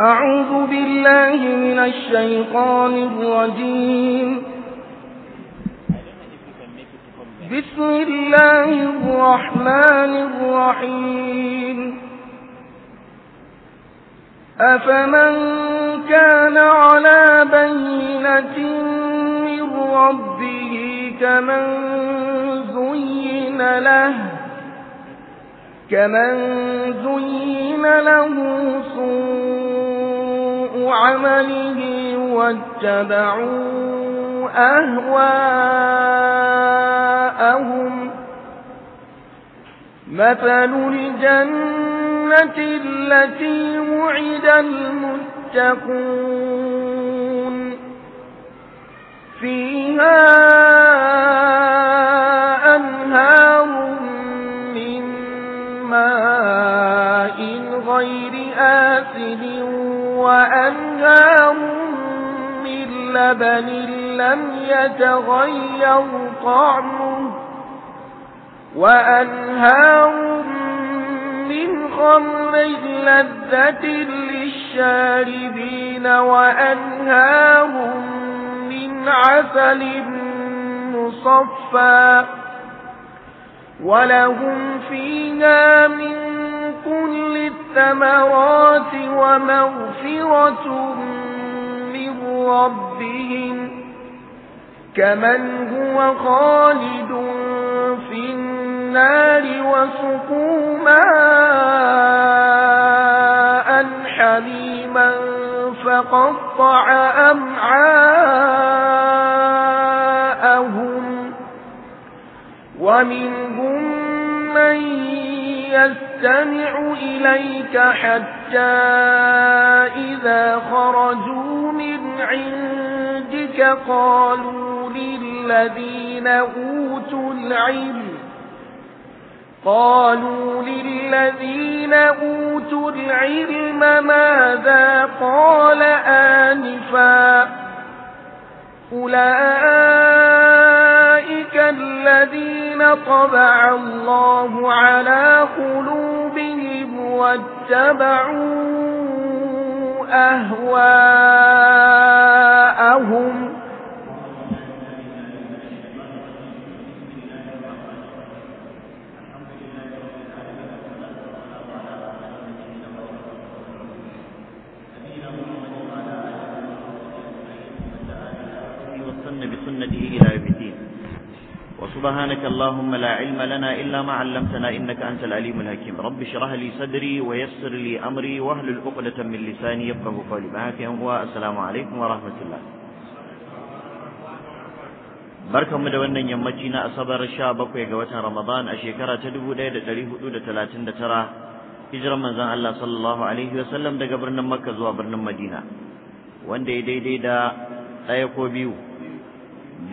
أعوذ بالله من الشيطان الرجيم بسم الله الرحمن الرحيم أفمن كان على بينة من ربه كمن زين له كمن زين له سوء عمله واتبعوا أهواءهم مثل الجنة التي وعد المتقون فيها أنهار من ماء غير آسلين وأنهار من لبن لم يتغير طعمه وأنهار من خمر لذة للشاربين وأنهار من عسل مصفى ولهم فيها من كل لِلثَّمَرَاتِ ومغفرة من ربهم كمن هو خالد في النار وسقوا ماء حميما فقطع أمعاءهم ومنهم من يستمع إليك حتى إذا خرجوا من عندك قالوا للذين أوتوا العلم قالوا للذين أوتوا العلم ماذا قال آنفا أولئك طبع الله على قلوبهم واتبعوا أهواءهم سبحانك اللهم لا علم لنا إلا ما علمتنا إنك أنت العليم الحكيم رب اشرح لي صدري ويسر لي أمري واهلل عقدة من لساني يفقه قولي معك والسلام عليكم ورحمة الله barkanmu da wannan yammaci na asabar sha bakwai ga watan ramadan a shekara ta dubu ɗaya da ɗari hudu da talatin da tara hijirar manzon Allah sallallahu alaihi wasallam daga birnin makka zuwa birnin madina wanda ya daidai da ɗaya ko biyu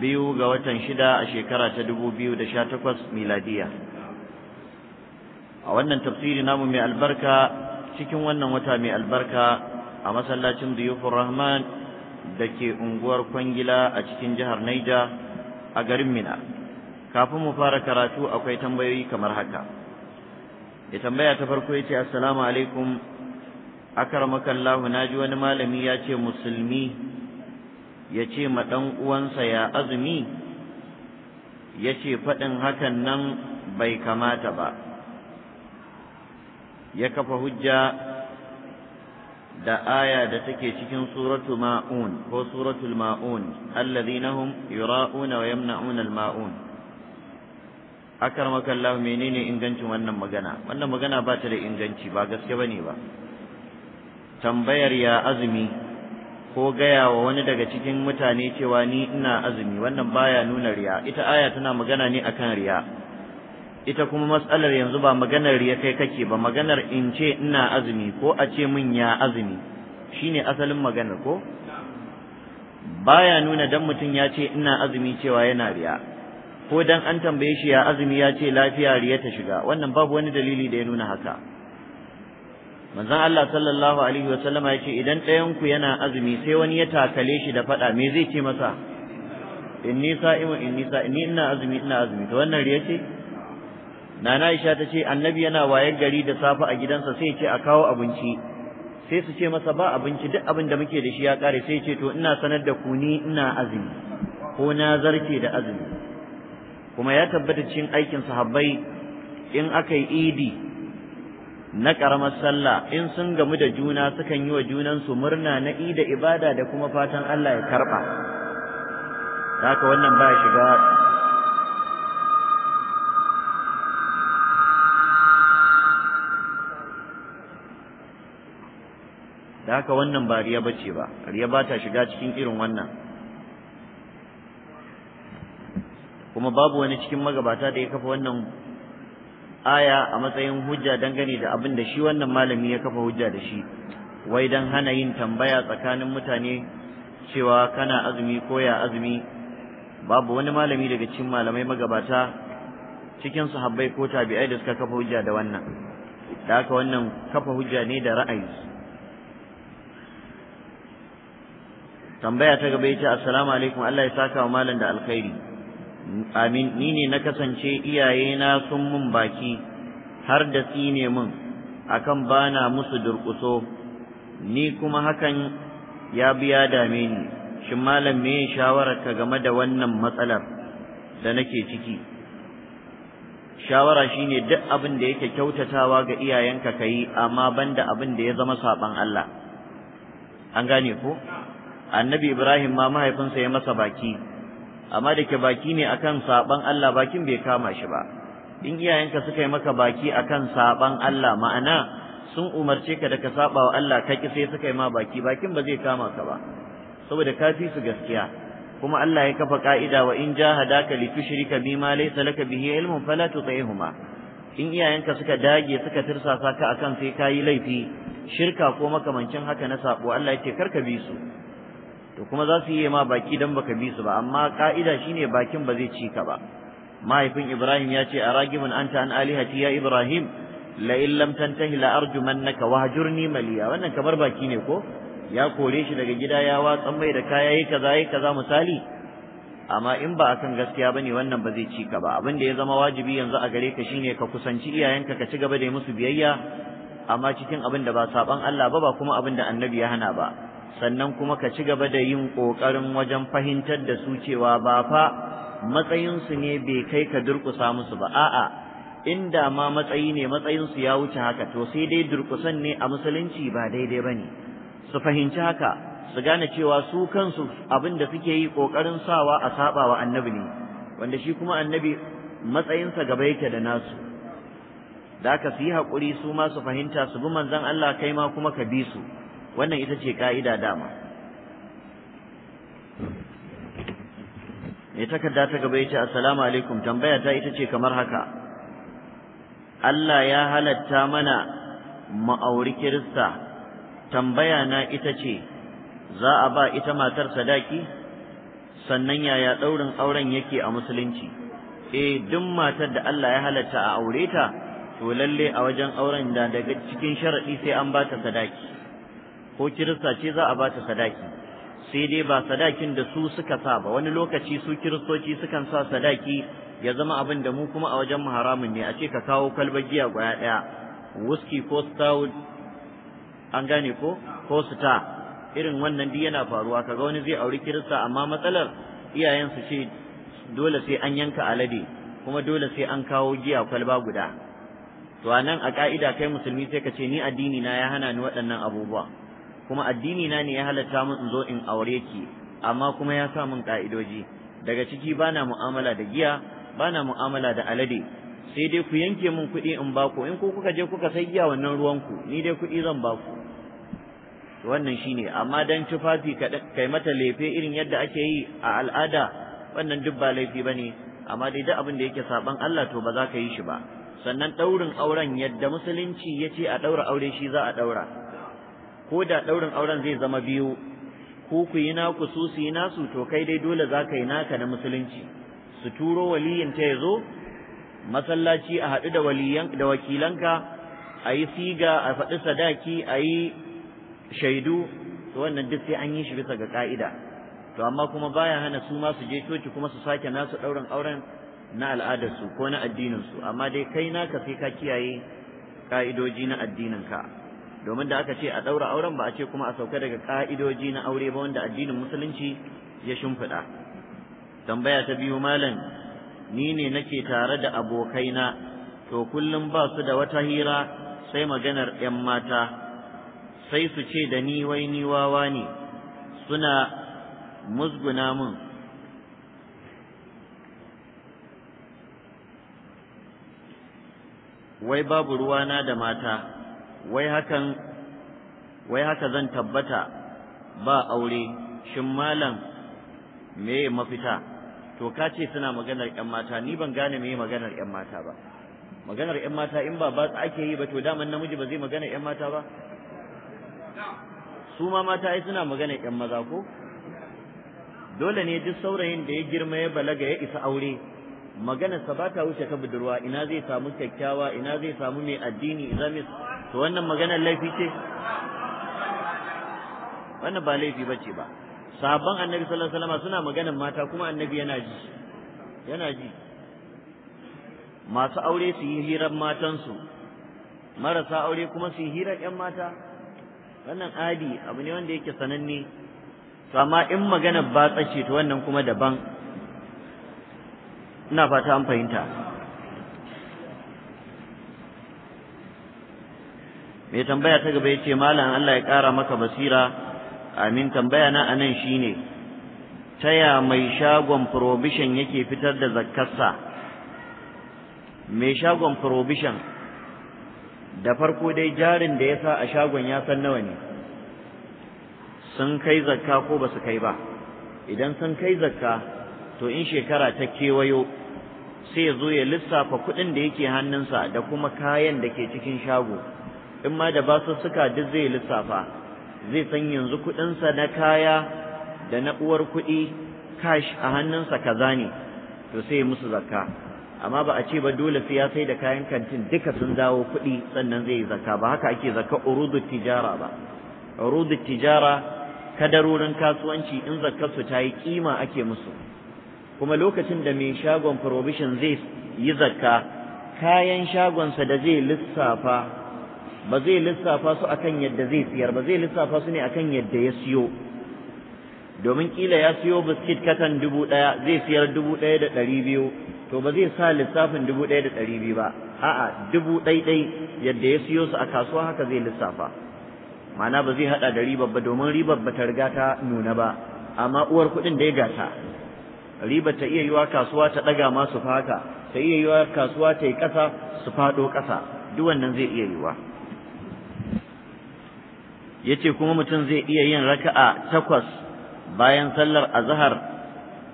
biyu ga watan shida a shekara ta dubu biyu da sha takwas miladiya a wannan tafsiri namu mai albarka cikin wannan wata mai albarka a masallacin duyufur rahman da ke unguwar kwangila a cikin jihar naija a garin mina kafin mu fara karatu akwai tambayoyi kamar haka ya tambaya ta farko ya ce assalamu alaikum akaramakallahu na ji wani malami ya ce musulmi ya ce ma ɗan uwansa ya azumi ya ce faɗin hakan nan bai kamata ba ya kafa hujja da aya da take cikin suratu ma'un ko suratul ma'un allazina hum yura'una wa yamna'una al-ma'un akramaka Allah menene ingancin wannan magana wannan magana ba ta da inganci ba gaske bane ba tambayar ya azumi ko gaya wa wani daga cikin mutane cewa ni ina azumi wannan baya nuna riya ita aya tana magana ne akan riya ita kuma matsalar yanzu ba maganar riya kai kake ba maganar in ce ina azumi ko a ce min ya azumi shine asalin maganar ko baya nuna dan mutum ya ce ina azumi cewa yana riya ko dan an tambaye shi ya azumi ya ce lafiya riya ta shiga wannan babu wani dalili da ya nuna haka manzon Allah sallallahu alaihi wa ya ce, idan ɗayan ku yana azumi sai wani ya takale shi da faɗa me zai ce masa inni sa'imu inni sa'ini ina azumi ina azumi to wannan riya ce nana Aisha ta ce annabi yana wayar gari da safe a gidansa sai ya ce a kawo abinci sai su ce masa ba abinci duk abin da muke da shi ya kare sai ya ce to ina sanar da ku ni ina azumi ko na zarce da azumi kuma ya tabbata cikin aikin sahabbai in aka yi idi na ƙaramar sallah in sun gamu da juna sukan yi wa junansu murna na ida ibada da kuma fatan Allah ya karɓa haka wannan ba shiga da haka wannan ba riya bace ba riya ba ta shiga cikin irin wannan kuma babu wani cikin magabata da ya kafa wannan aya a matsayin hujja dangane da abin da shi wannan malami ya kafa hujja da shi wai dan hana yin tambaya tsakanin mutane cewa kana azumi ko ya azumi babu wani malami daga cikin malamai magabata cikin Habbai ko tabi'ai da suka kafa hujja da wannan da haka wannan kafa hujja ne da ra'ayi tambaya ta gaba yace assalamu alaikum Allah ya saka wa malam da alkhairi amin ni ne na kasance iyayena sun mun baki har da tsine mun akan bana musu durkuso ni kuma hakan ya biya dame ni shin malam me ka game da wannan matsalar da nake ciki shawara shine duk abin da yake kyautatawa ga iyayenka kayi amma banda abin da ya zama saban Allah an gane ko annabi Ibrahim ma mahaifinsa ya masa baki amma da ke baki ne akan saban Allah bakin bai kama shi ba in iyayenka suka yi maka baki akan saban Allah ma'ana sun umarce ka da ka saba wa Allah ka ki sai suka yi ma baki bakin ba zai kama ka ba saboda ka fi su gaskiya kuma Allah ya kafa ka'ida wa in jahadaka li tushrika bima laysa laka bihi ilmun fala tuti'huma in iyayenka suka dage suka tirsasa ka akan sai kayi laifi shirka ko makamancin haka na sabo Allah yake karka bi su to kuma za su yi ma baki dan baka bi su ba amma ka'ida shine bakin ba zai ci ka ba mahaifin Ibrahim ya ce a ragibin anta an alihati ya Ibrahim la in lam tantahi la arjumannaka wahjurni maliya wannan kamar baki ne ko ya kore shi daga gida ya watsan mai da kaya yi kaza yi kaza misali amma in ba kan gaskiya bane wannan ba zai ci ka ba abin da ya zama wajibi yanzu a gare ka shine ka kusanci iyayenka ka ci gaba da musu biyayya amma cikin abin da ba saban Allah ba ba kuma abin da annabi ya hana ba sannan kuma ka ci gaba da yin ƙoƙarin wajen fahimtar da su cewa ba fa matsayinsu ne bai kai ka durƙusa musu ba a'a inda ma matsayi ne matsayinsu ya wuce haka to sai dai durƙusan ne a musulunci ba daidai ba ne su fahimci haka su gane cewa su kansu abin da suke yi ƙoƙarin sawa a saɓa wa annabi ne wanda shi kuma annabi matsayinsa gaba yake da nasu da aka su yi haƙuri su ma su fahimta su bi manzon Allah kai ma kuma ka bi su wannan ita ce ka'ida dama mai takarda ta gaba yace assalamu alaikum tambaya ta ita ce kamar haka Allah ya halatta mana ma'auri kirista tambaya na ita ce za a ba ita matar sadaki sannan yaya ɗaurin auren yake a musulunci eh duk matar da Allah ya halatta a aure ta to lalle a wajen auren da daga cikin sharadi sai an ba ta sadaki ko kirista ce za a ba ta sadaki sai dai ba sadakin da su suka sa ba wani lokaci su kiristoci sukan sa sadaki ya zama abin da mu kuma a wajen mu haramun ne a ce ka kawo kwalbar giya guda ɗaya whisky ko stout an gane ko ko star irin wannan duk yana faruwa kaga wani zai auri kirista amma matsalar iyayensu ce dole sai an yanka alade kuma dole sai an kawo giya kwalba guda to anan a ka'ida kai musulmi sai ka ce ni addini na ya hana ni waɗannan abubuwa kuma addini na ne ya halatta mun in zo in aure ki amma kuma ya sa mun ka'idoji daga ciki bana mu'amala da giya bana mu'amala da alade sai dai ku yanke mun kuɗi in ba ku in ku kuka je kuka sai giya wannan ruwan ku ni dai kuɗi zan ba ku wannan shine amma dan tufafi kai mata lefe irin yadda ake yi a al'ada wannan duk ba laifi bane amma dai duk abin da yake saban Allah to ba za ka yi shi ba sannan daurin auren yadda musulunci ya ce a daura aure shi za a daura ko da ɗaurin auren zai zama biyu ku ku yi naku su su yi nasu to kai dai dole za ka yi naka na musulunci su turo waliyin ta ya zo masallaci a haɗu da waliyan da wakilanka a yi siga a faɗi sadaki a yi shaidu to wannan duk sai an yi shi bisa ga ka'ida to amma kuma baya hana su ma su je coci kuma su sake nasu ɗaurin auren na al'adarsu ko na addininsu amma dai kai naka sai ka kiyaye ka'idoji na addininka domin da aka ce a ɗaura auren ba a ce kuma a sauka daga ƙa'idoji na aure ba wanda addinin musulunci ya shimfiɗa tambaya ta biyu malam ni ne nake tare da abokaina to kullum ba su da wata hira sai maganar 'yan mata sai su ce da ni wai ni wawa ne suna musguna mun wai babu ruwana da mata wai hakan wai haka zan tabbata ba aure shin malam me mafita to ka ce suna maganar ƴan mata ni ban gane me maganar ƴan mata ba maganar ƴan mata in ba ba ake yi ba to daman namiji ba zai magana ƴan mata ba su ma mata ai suna magana ƴan maza ko dole ne duk saurayin da ya girma ya balaga ya isa aure maganarsa ba ta wuce ta budurwa ina zai samu kyakkyawa ina zai samu mai addini ina zai to wannan maganar laifi ce wannan ba laifi bace ba sahabban annabi sallallahu alaihi wasallam suna maganar mata kuma annabi yana ji yana ji masu aure su yi hirar matansu marasa aure kuma su yi hirar 'yan mata wannan adi abu ne wanda yake sananne to amma in maganar ba tsace to wannan kuma daban ina fata an fahimta mai tambaya ta gaba yace malam Allah ya kara maka basira amin tambaya na anan shine taya mai shagon provision yake fitar da zakkarsa mai shagon provision da farko dai jarin da ya sa a shagon ya san nawa ne sun kai zakka ko ba su kai ba idan sun kai zakka to in shekara ta kewayo sai ya zo ya lissafa kuɗin da yake hannunsa da kuma kayan da ke cikin shago in ma da basussuka duk zai lissafa zai san yanzu kuɗinsa na kaya da na uwar kuɗi cash a hannunsa kaza ne to sai musu zakka amma ba a ce ba dole sai ya sai da kayan kantin duka sun dawo kuɗi sannan zai yi zakka ba haka ake zakka urudu tijara ba urudu tijara kadarorin kasuwanci in zakkarsu ta yi kima ake musu kuma lokacin da mai shagon provision zai yi zakka kayan shagonsa da zai lissafa ba zai lissafa su akan yadda zai siyar ba zai lissafa su ne akan yadda ya siyo domin kila ya siyo biskit katan dubu ɗaya zai siyar dubu ɗaya da ɗari biyu to ba zai sa lissafin dubu ɗaya da ɗari biyu ba a'a dubu ɗaiɗai yadda ya siyo su a kasuwa haka zai lissafa ma'ana ba zai haɗa da riba ba domin riba ba ta riga ta nuna ba amma uwar kuɗin dai gata ribar ta iya yiwa kasuwa ta ɗaga ma su faka ta iya yiwa kasuwa ta yi ƙasa su fado kasa duk wannan zai iya yiwa yace kuma mutum zai iya yin raka'a takwas bayan sallar azhar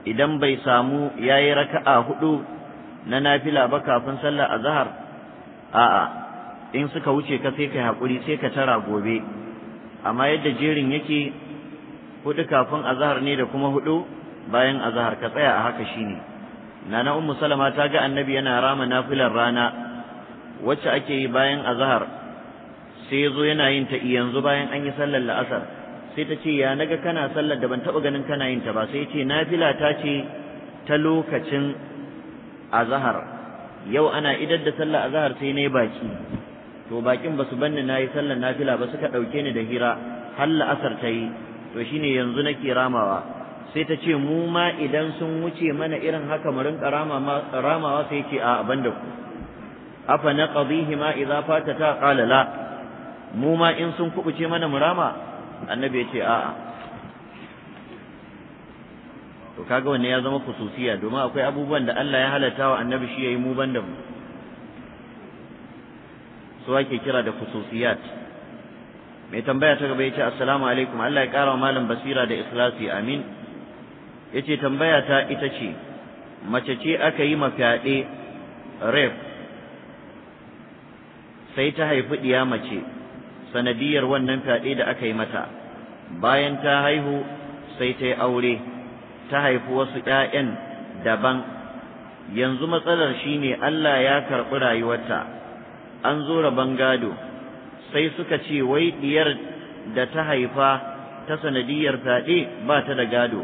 idan bai samu yayi raka'a hudu na nafila ba kafin sallar azhar a'a in suka wuce ka sai kai hakuri sai ka tara gobe amma yadda jerin yake hudu kafin azhar ne da kuma hudu bayan azhar ka tsaya a haka shine nana ummu salama ta ga annabi yana rama nafilar rana wacce ake yi bayan azhar sai ya zo yana yin ta yanzu bayan an yi sallar la'asar sai ta ce ya naga kana sallar da ban taɓa ganin kana yin ta ba sai ce nafila ta ce ta lokacin azahar yau ana idar da sallar azahar sai na yi baki to bakin ba su banni na yi sallar nafila ba suka ɗauke ni da hira har la'asar ta yi to shine yanzu nake ramawa sai ta ce mu ma idan sun wuce mana irin haka mu rinka ramawa sai ce a abin da ku afa na ma idza fatata qala la mu ma in sun kubuce mana murama annabi ya ce a'a to kaga wanne ya zama kususiya domin akwai abubuwan da Allah ya halatta wa annabi shi yayi mu banda mu su ake kira da kususiyat mai tambaya ta gaba yace assalamu alaikum Allah ya kara wa malam basira da ikhlasi amin yace tambaya ta ita ce mace ce aka yi mafyaɗe rape sai ta haifi ɗiya mace sanadiyar wannan fyaɗe da aka yi mata bayan ta haihu sai ta yi aure ta haifi wasu ƴaƴan daban yanzu matsalar shine Allah ya karɓi rayuwarta an zo rabon gado sai suka ce wai diyar da ta haifa ta sanadiyar fyaɗe ba ta da gado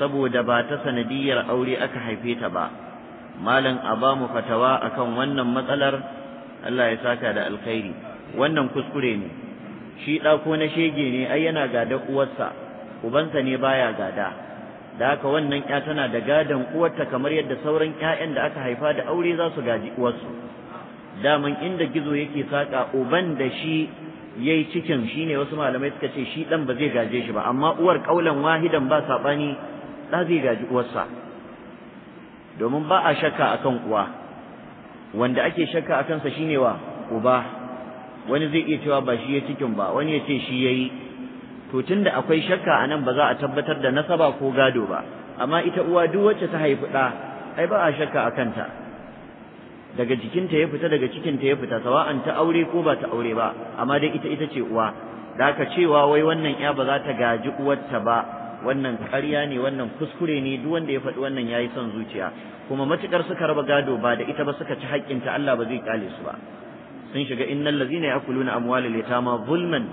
saboda ba ta sanadiyar aure aka haife ta ba malam a ba mu fatawa akan wannan matsalar Allah ya saka da alkhairi wannan kuskure ne shi ɗako na shege ne ai yana gada uwarsa ubansa ne baya gada da haka wannan ya tana da gadan uwarta kamar yadda sauran ƴaƴan da aka haifa da aure za su gaji uwarsu daman inda gizo yake saka uban da shi yayi cikin shine wasu malamai suka ce shi dan ba zai gaje shi ba amma uwar kaulan wahidan ba sabani da zai gaji uwarsa domin ba a shakka akan uwa wanda ake shakka akan sa shine wa uba wani zai iya cewa ba shi ya cikin ba wani ya ce shi ya yi to tunda akwai shakka a nan ba za a tabbatar da nasaba ko gado ba amma ita uwa duk wacce ta haifi ɗa ai ba a shakka a kanta daga jikinta ya fita daga cikinta ya fita sawa'an ta aure ko ba ta aure ba amma dai ita ita ce uwa da aka cewa wai wannan ya ba za ta gaji uwarta ba wannan ƙarya ne wannan kuskure ne duk wanda ya faɗi wannan yayi son zuciya kuma matukar suka raba gado ba da ita ba suka ci haƙƙinta Allah ba zai kyale su ba sun shiga innal ladzina ya'kuluna amwalal yatama zulman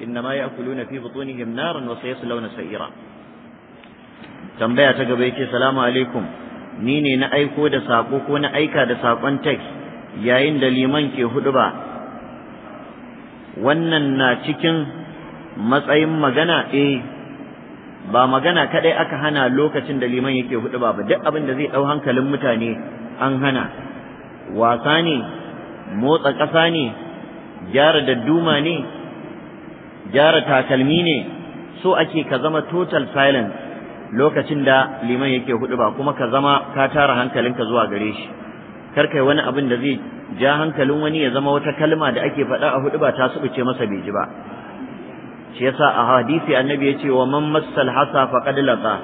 innama ya'kuluna fi butunihim naran wa sayaslawna sa'ira tambaya ta gaba ce, salamu alaikum ni ne na aiko da sako ko na aika da sakon text yayin da liman ke hudu ba wannan na cikin matsayin magana eh ba magana kadai aka hana lokacin da liman yake hudu ba duk abin da zai dau hankalin mutane an hana wasa ne motsa ƙasa ne gyara dadduma ne gyara takalmi ne so ake ka zama total silence lokacin da liman yake hudu ba kuma ka zama ka tara hankalinka zuwa gare shi kar kai wani abin da zai ja hankalin wani ya zama wata kalma da ake faɗa a hudu ba ta subuce masa bai ji ba shi yasa a hadisi annabi ya ce wa man massal hasa faqad laqa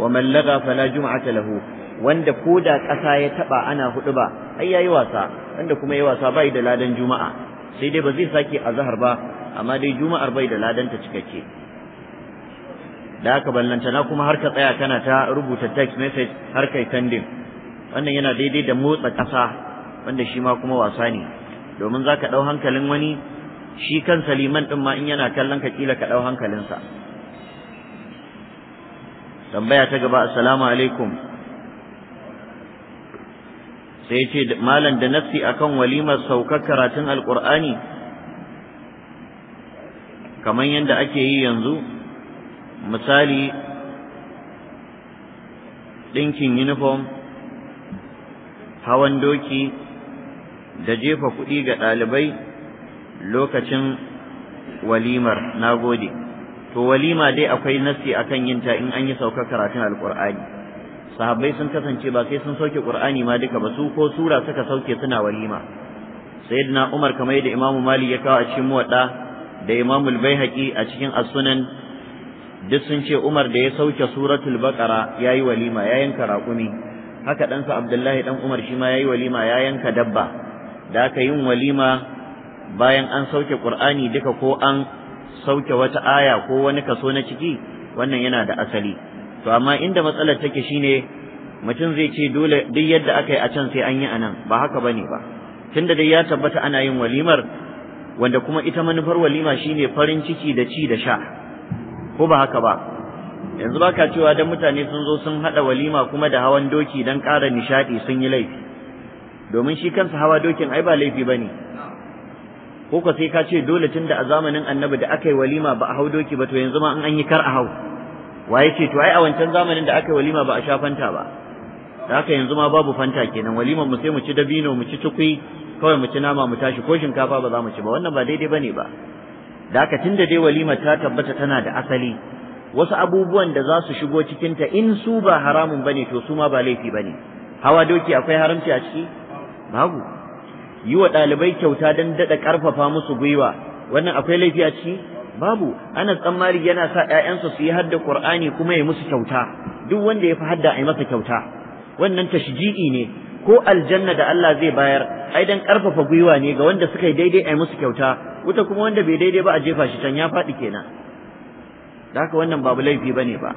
wa man laga fala jum'ata lahu wanda ko da ƙasa ya taɓa ana huɗu ba ai yayi wasa wanda kuma yayi wasa bai da ladan juma'a sai dai ba zai sake azhar ba amma dai juma'ar bai da ladan ta cikakke da haka na kuma har ka tsaya kana ta rubuta text message har kai tandin wannan yana daidai da motsa ƙasa wanda shi ma kuma wasa ne domin za ka ɗau hankalin wani shi kan saliman ɗin ma in yana kallon ka kila ka ɗau hankalinsa tambaya ta gaba assalamu alaikum sai ce malam da nassi akan walimar saukar karatun alkur'ani kamar yadda ake yi yanzu misali ɗinkin uniform hawan doki da jefa kuɗi ga ɗalibai lokacin walimar na gode to walima dai akwai nassi akan yinta in an yi saukar karatun alkur'ani sahabbai sun kasance ba sai sun sauke qur'ani ma duka ba su ko sura suka sauke suna walima sayyidina umar kamar yadda imam mali ya kawo a cikin muwadda da imam al-baihaqi a cikin as-sunan duk sun ce umar da ya sauke suratul baqara yayi walima ya yanka raƙumi haka sa abdullahi dan umar shi ma yayi walima ya yanka dabba da aka yin walima bayan an sauke qur'ani duka ko an sauke wata aya ko wani kaso na ciki wannan yana da asali to amma inda matsalar take shine mutum zai ce dole duk yadda aka yi a can sai an yi anan ba haka bane ba tunda dai ya tabbata ana yin walimar wanda kuma ita manufar walima shine farin ciki da ci da sha ko ba haka ba yanzu baka cewa dan mutane sun zo sun hada walima kuma da hawan doki dan ƙara nishaɗi sun yi laifi domin shi kansa hawa dokin ai ba laifi bane ko ka sai ka ce dole tunda a zamanin annabi da aka yi walima ba a hau doki ba to yanzu ma in an yi kar a hau waye ce to ai a wancan zamanin da aka yi walima ba a sha fanta ba da haka yanzu ma babu fanta kenan walimar mu sai mu ci dabino mu ci tukui kawai mu ci nama mu tashi ko shinkafa ba za mu ci ba wannan ba daidai bane ba da haka tunda dai walima ta tabbata tana da asali wasu abubuwan da za su shigo ta in su ba haramun bane to su ma ba laifi bane hawa doki akwai haramci a ciki babu yi wa ɗalibai kyauta don daɗa ƙarfafa musu gwiwa wannan akwai laifi a ciki babu Anas dan yana sa ƴaƴansa su yi hadda Qur'ani kuma ya musu kyauta duk wanda ya fi hadda ai masa kyauta wannan tashji'i ne ko aljanna da Allah zai bayar ai dan karfafa gwiwa ne ga wanda suka yi daidai ai musu kyauta wuta kuma wanda bai daidai ba a jefa shi can ya faɗi kenan da haka wannan babu laifi bane ba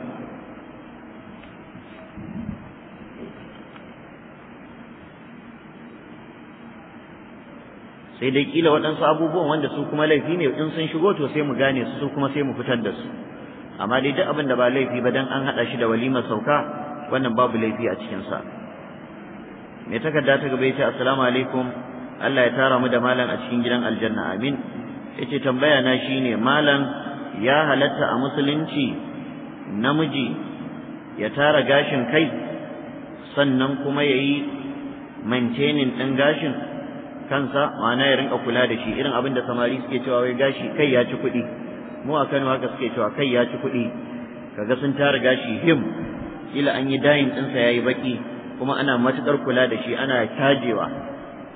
sai dai kila waɗansu abubuwan wanda su kuma laifi ne in sun shigo to sai mu gane su kuma sai mu fitar da su amma dai duk abin da ba laifi ba dan an haɗa shi da walimar sauka wannan babu laifi a cikinsa mai takarda ta gaba ya ce assalamu alaikum Allah ya tara mu da malam a cikin gidan aljanna amin yace tambaya na shine malam ya halatta a musulunci namiji ya tara gashin kai sannan kuma yayi maintaining ɗin gashin kansa ma'ana ya rinka kula da shi irin abin da samari suke cewa wai gashi kai ya ci kuɗi mu a Kano haka suke cewa kai ya ci kuɗi kaga sun tara gashi him kila an yi dayin ɗinsa ya yi baki kuma ana matuƙar kula da shi ana tajewa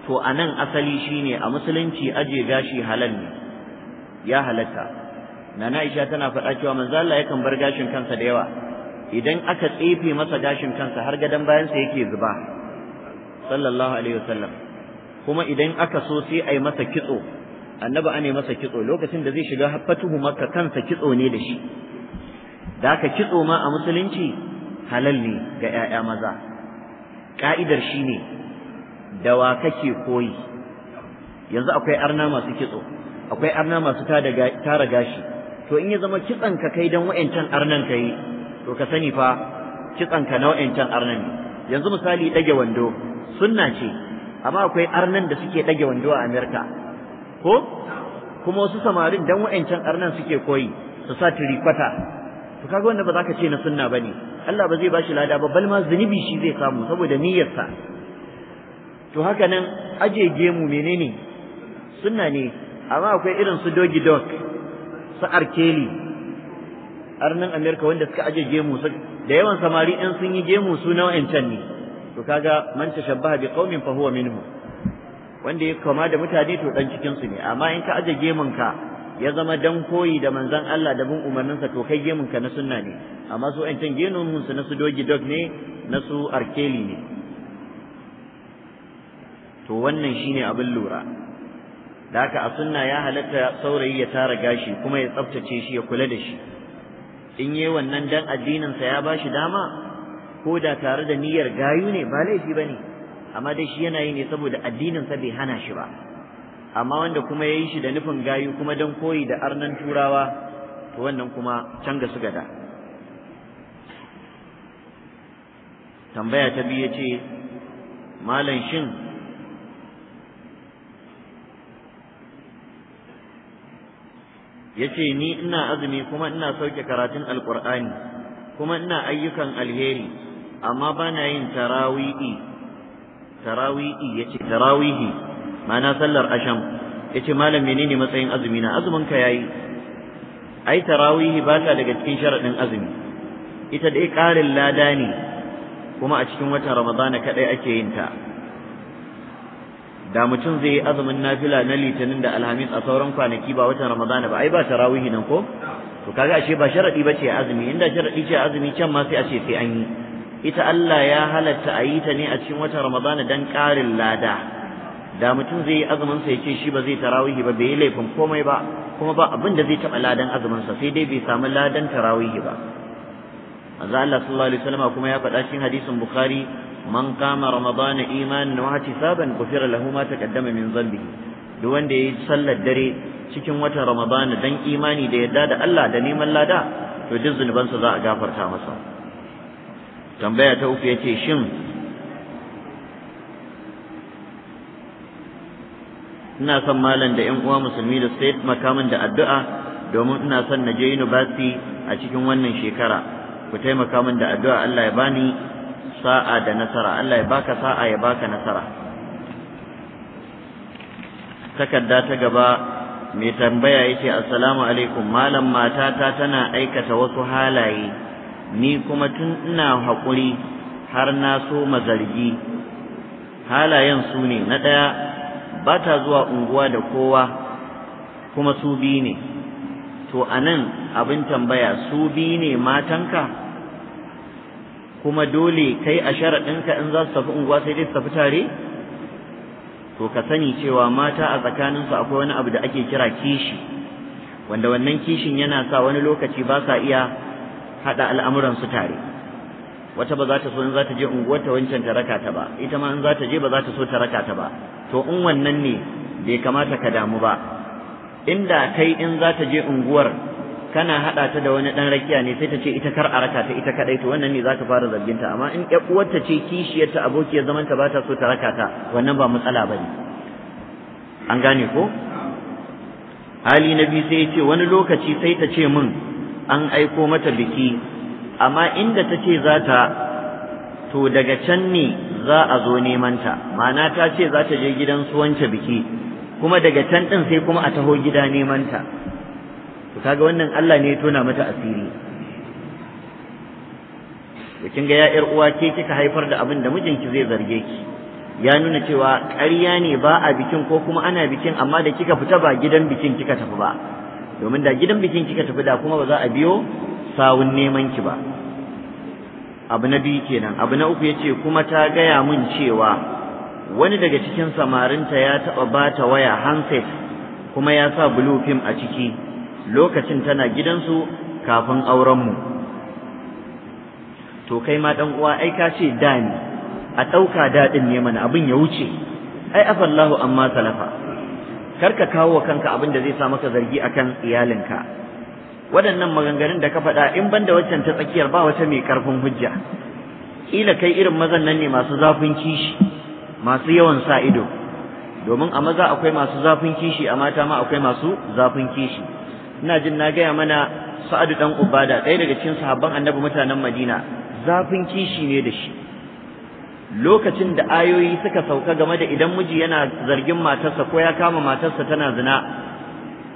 to anan nan asali shine a musulunci aje gashi halal ne ya halatta nana Aisha tana faɗa cewa manzo Allah yakan bar gashin kansa da yawa idan aka tsefe masa gashin kansa har gadan bayansa yake zuba sallallahu alaihi wasallam kuma idan aka so sai a yi masa kitso annabi ana masa kitso lokacin da zai shiga fatuhu makka kansa kitso ne da shi da ka kitso ma a musulunci halal ne ga 'ya'ya maza ka'idar shi ne da wa kake koyi yanzu akwai arna masu kitso akwai arna masu tara gashi to in ya zama kitsan ka kai dan wa'ancan arnan ka yi to ka sani fa kitson ka na wa'ancan arnan ne yanzu misali ɗage wando sunna ce amma akwai arnan da suke ɗage wando a Amerika ko kuma wasu samarin dan wa'ancan arnan suke koyi su sa turikwata to kaga wanda ba za ka ce na sunna bane Allah ba zai bashi lada ba bal ma zunubi shi zai samu saboda niyyarsa to haka nan aje gemu menene sunna ne amma akwai irin su dogi dog su arkeli arnan Amerika wanda suka aje gemu da yawan samari in sun yi gemu su na wa'ancan ne to kaga man tashabbaha bi qaumin fa huwa minhum wanda ya kama da mutane to dan cikin su ne amma in ka aje gemun ka ya zama dan koyi da manzon Allah da bin umarninsa to kai gemun ka na sunna ne amma su ƴancan gemun su na su dogi dog ne na su arkeli ne to wannan shine abin lura da haka a sunna ya halatta saurayi ya tara gashi kuma ya tsaftace shi ya kula da shi in yi wannan dan sa ya ba shi dama ko da tare da niyyar gayu ne ba laifi ba ne amma dai shi yana yi ne saboda addinin sa bai hana shi ba amma wanda kuma ya yi shi da nufin gayu kuma don koyi da arnan turawa to wannan kuma ga su gada tambaya ta biyu ce malam shin ya ni ina azumi kuma ina sauke karatun alkur'ani kuma ina ayyukan alheri amma ba na yin tarawi'i tarawi'i ya ce tarawihi ma'ana sallar asham ya ce malam menene matsayin azumi na azumin ka yayi ai tarawihi ba ta daga cikin sharaɗin azumi ita dai ƙarin lada ne kuma a cikin watan ramadana kaɗai ake yin ta da mutum zai yi azumin nafila na litinin da alhamis a sauran kwanaki ba watan ramadana ba ai ba tarawihi nan ko to kaga ashe ba sharaɗi sharadi bace azumi inda sharaɗi ce azumi can ma sai a ce sai an yi ita Allah ya halatta a yi ta ne a cikin watan Ramadana dan ƙarin lada da mutum zai yi azumin sa yace shi ba zai tarawihi ba bai yi laifin komai ba kuma ba abin da zai taɓa ladan azumin sa sai dai bai samu ladan tarawihi ba manzo Allah sallallahu alaihi wasallam kuma ya faɗa cikin hadisin Bukhari man kama Ramadana imanin wa ihtisaban ghufira lahu ma taqaddama min dhanbihi duk wanda yayi sallar dare cikin watan Ramadana dan imani da yadda da Allah da neman lada to duk zunubansa za a gafarta masa tambaya ta uku yace shin ina son malam da yan uwa musulmi da su makamin da addu'a domin ina son na je university a cikin wannan shekara ku taimaka min da addu'a Allah ya bani sa'a da nasara Allah ya baka sa'a ya baka nasara takarda ta gaba mai tambaya yace assalamu alaikum malam matata tana aikata wasu halaye ni kuma tun ina hakuri har na so mazargi halayen su ne na ɗaya ba ta zuwa unguwa da kowa kuma su biyu ne to a abin tambaya su biyu ne matanka kuma dole kai a sharaɗinka in za su tafi unguwa sai dai su tafi tare to ka sani cewa mata a tsakaninsu akwai wani abu da ake kira kishi wanda wannan kishin yana sa wani lokaci ba sa iya haɗa su tare wata ba za ta so in za ta je unguwar ta wancan ta raka ta ba ita ma in za ta je ba za ta so ta raka ta ba to in wannan ne bai kamata ka damu ba inda kai in za ta je unguwar kana haɗa ta da wani ɗan rakiya ne sai ta ce ita kar a raka ta ita kaɗai to wannan ne za ka fara zargin ta. amma in ƴar uwarta ce ta abokiyar zamanta ba ta so ta raka ta wannan ba matsala ba ne an gane ko hali na biyu sai ya ce wani lokaci sai ta ce mun. an aiko mata biki amma inda ta ce za ta to daga can ne za a zo nemanta, ta ma'ana ta ce za ta je gidan su wance biki kuma daga can ɗin sai kuma a taho gida neman ta to kaga wannan Allah ne ya tona mata asiri to kin ga ya ƴar uwa ke kika haifar da abin da mijinki zai zarge ki ya nuna cewa ƙarya ne ba a bikin ko kuma ana bikin amma da kika fita ba gidan bikin kika tafi ba domin da gidan bikin kika tafi da kuma ba za a biyo sawun neman ki ba abu na biyu kenan abu na uku yace kuma ta gaya mun cewa wani daga cikin samarinta ya taɓa bata waya handset kuma ya sa blue film a ciki lokacin tana gidansu kafin aurenmu to kai ma dan uwa ai ka ce da ni a ɗauka daɗin ne mana abin ya wuce ai afallahu amma salafa Kar ka kawo wa kanka abin da zai sa maka zargi akan iyalinka waɗannan maganganun da ka faɗa in banda waccan ta tsakiyar ba wata mai ƙarfin hujja kila kai irin mazan nan ne masu zafin kishi masu yawan sa ido domin a maza akwai masu zafin kishi a mata ma akwai masu zafin kishi ina jin na gaya mana sa'adu dan ubada ɗaya daga cikin sahabban annabi mutanen madina zafin kishi ne da shi lokacin da ayoyi suka sauka game da idan miji yana zargin matarsa ko ya kama matarsa tana zina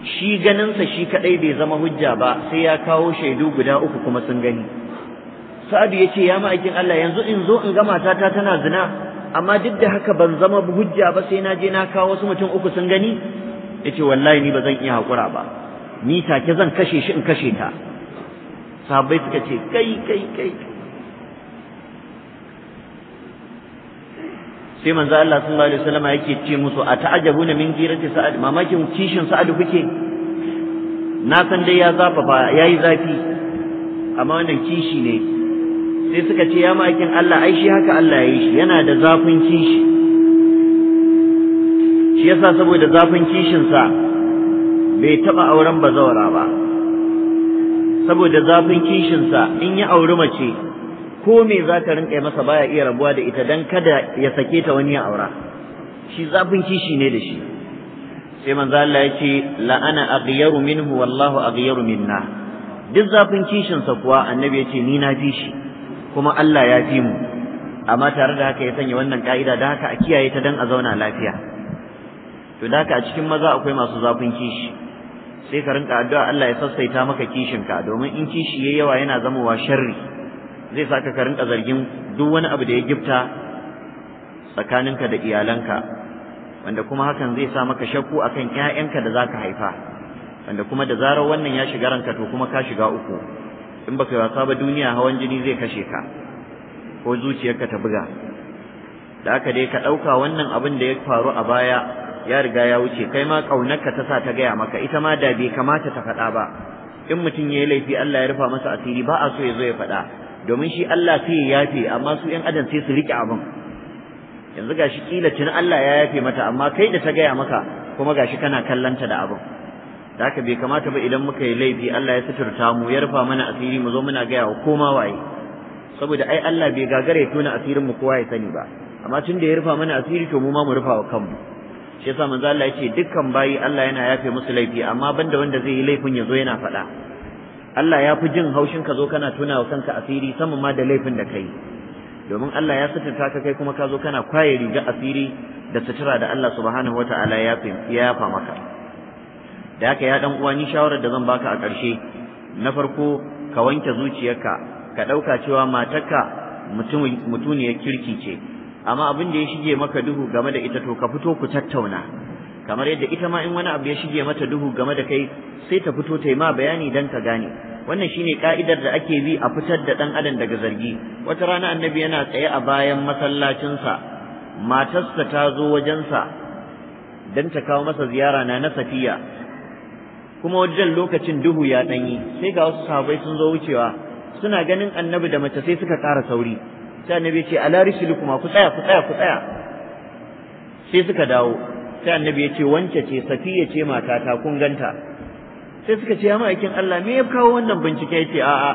shi ganinsa shi kadai bai zama hujja ba sai ya kawo shaidu guda uku kuma sun gani sa'adu ya ce ya ma'aikin Allah yanzu in zo in ga matata tana zina amma duk da haka ban zama hujja ba sai na je na kawo wasu mutum uku sun gani ya ce wallahi ni ba zan iya haƙura ba ni take zan kashe shi in kashe ta sahabbai suka ce kai kai kai sai manzo Allah sallallahu alaihi wasallam yake ce musu a ta'ajabuna min girati sa'ad mamakin kishin sa'ad kuke na san dai ya zafafa yayi zafi amma wannan kishi ne sai suka ce ya ma'aikin Allah ai shi haka Allah yayi shi yana da zafin kishi shi yasa saboda zafin kishin sa bai taba auren bazawara ba saboda zafin kishin sa in ya auri mace ko me za ta rinka masa baya iya rabuwa da ita dan kada ya sake ta wani ya aura shi zafin kishi ne da shi sai manzo Allah ya la ana aghyaru minhu wallahu aghyaru minna duk zafin kishin sa kuwa annabi ya ce ni na fi shi kuma Allah ya fi mu amma tare da haka ya sanya wannan ka'ida da haka a kiyaye ta dan a zauna lafiya to da haka a cikin maza akwai masu zafin kishi sai ka rinka addu'a Allah ya sassaita maka kishin ka domin in kishi yayi yawa yana zamowa sharri zai saka ka rinka zargin duk wani abu da ya gifta tsakaninka da iyalanka wanda kuma hakan zai sa maka shakku akan ƴaƴanka da zaka haifa wanda kuma da zarar wannan ya shiga ranka to kuma ka shiga uku in baka wasa ba duniya hawan jini zai kashe ka ko zuciyarka ta buga da aka dai ka ɗauka wannan abin da ya faru a baya ya riga ya wuce kai ma ƙaunarka ta sa ta gaya maka ita ma da bai kamata ta faɗa ba in mutum ya yi laifi Allah ya rufa masa asiri ba a so ya zo ya faɗa domin shi Allah sai ya yafe amma su ƴan adam sai su riƙe abin yanzu gashi kila tun Allah ya yafe mata amma kai da ta gaya maka kuma gashi kana kallanta da abin da haka bai kamata ba idan muka yi laifi Allah ya suturta mu ya rufa mana asiri mu zo muna gaya wa koma waye saboda ai Allah bai gagare tona asirin mu kowa ya sani ba amma tun da ya rufa mana asiri to mu ma mu rufa wa kanmu shi yasa manzo Allah ya ce dukkan bayi Allah yana yafe musu laifi amma banda wanda zai yi laifin ya zo yana faɗa Allah ya fi jin haushin ka zo kana tuna wa kanka asiri sama ma da laifin da kai domin Allah ya sutunta ka kai kuma ka zo kana kwaye riga asiri da sutura da Allah subhanahu wata'ala ya ya fa maka da haka ya dan uwa ni shawarar da zan baka a ƙarshe na farko ka wanke zuciyarka ka ɗauka cewa matarka mutuniyar kirki ce amma abin da ya shige maka duhu game da ita to ka fito ku tattauna kamar yadda ita ma in wani abu ya shige mata duhu game da kai sai ta fito ta yi ma bayani dan ka gane wannan shine ka'idar da ake bi a fitar da dan adam daga zargi wata rana annabi yana tsaye a bayan masallacinsa matarsa ta zo wajensa dan ta kawo masa ziyara na na safiya kuma wajen lokacin duhu ya danyi sai ga wasu sahabbai sun zo wucewa suna ganin annabi da mace sai suka ƙara sauri sai annabi ya ce ala kuma ku tsaya ku tsaya ku tsaya sai suka dawo sai annabi ya ce wance ce safiya ce matata kun ganta sai suka ce ya ma'aikin Allah me ya kawo wannan bincike yace a a'a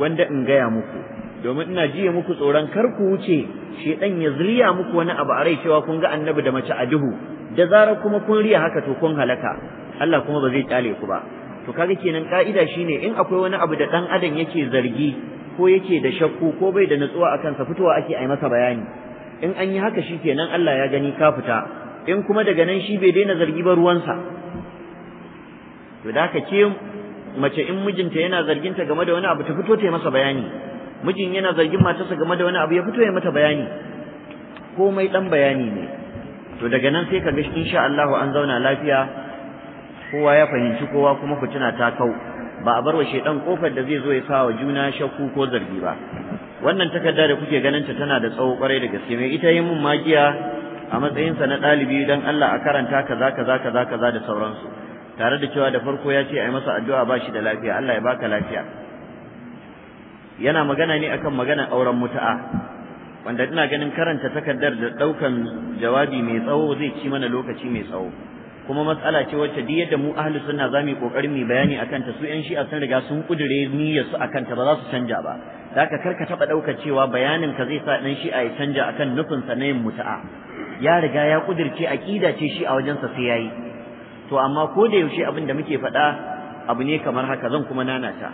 gwanda in gaya muku domin ina jiya muku tsoron kar ku wuce shedan ya zuriya muku wani abu a rai cewa kun ga annabi da mace a duhu da zarar kuma kun riya haka to kun halaka Allah kuma ba zai kyale ku ba to kaga kenan ka'ida shine in akwai wani abu da dan adam yake zargi ko yake da shakku ko bai da nutsuwa akan sa fitowa ake ai masa bayani in an yi haka shikenan Allah ya gani ka fita in kuma daga nan shi bai daina zargi ba ruwansa to da haka ce mace in mijinta yana zarginta game da wani abu ta fito ta masa bayani mijin yana zargin matarsa game da wani abu ya fito ya mata bayani komai dan bayani ne to daga nan sai ka ga kaga insha Allah an zauna lafiya kowa ya fahimci kowa kuma tuna ta kau ba a bar wa shedan kofar da zai zo ya sa juna shakku ko zargi ba wannan takarda da kuke ganin ta tana da tsawo kwarai da gaske mai ita yi mun magiya a matsayinsa na ɗalibi don Allah a karanta kaza kaza kaza kaza da sauransu tare da cewa da farko ya ce a masa addu'a ba shi da lafiya Allah ya baka lafiya yana magana ne akan magana auren muta'a wanda ina ganin karanta takardar da ɗaukan jawabi mai tsawo zai ci mana lokaci mai tsawo kuma matsala ce wacce duk yadda mu ahli sunna zamu yi mu bayani akan ta su 'yan shi'a sun riga sun kudure niyyar su akan ta ba za su canja ba zaka karka taba daukar cewa bayanin ka zai sa dan shi'a ya canja akan nufin sa na yin muta'a ya riga ya kudirce aqida ce shi a wajensa sai yayi to amma ko da yaushe abin da muke faɗa abu ne kamar haka zan kuma nanata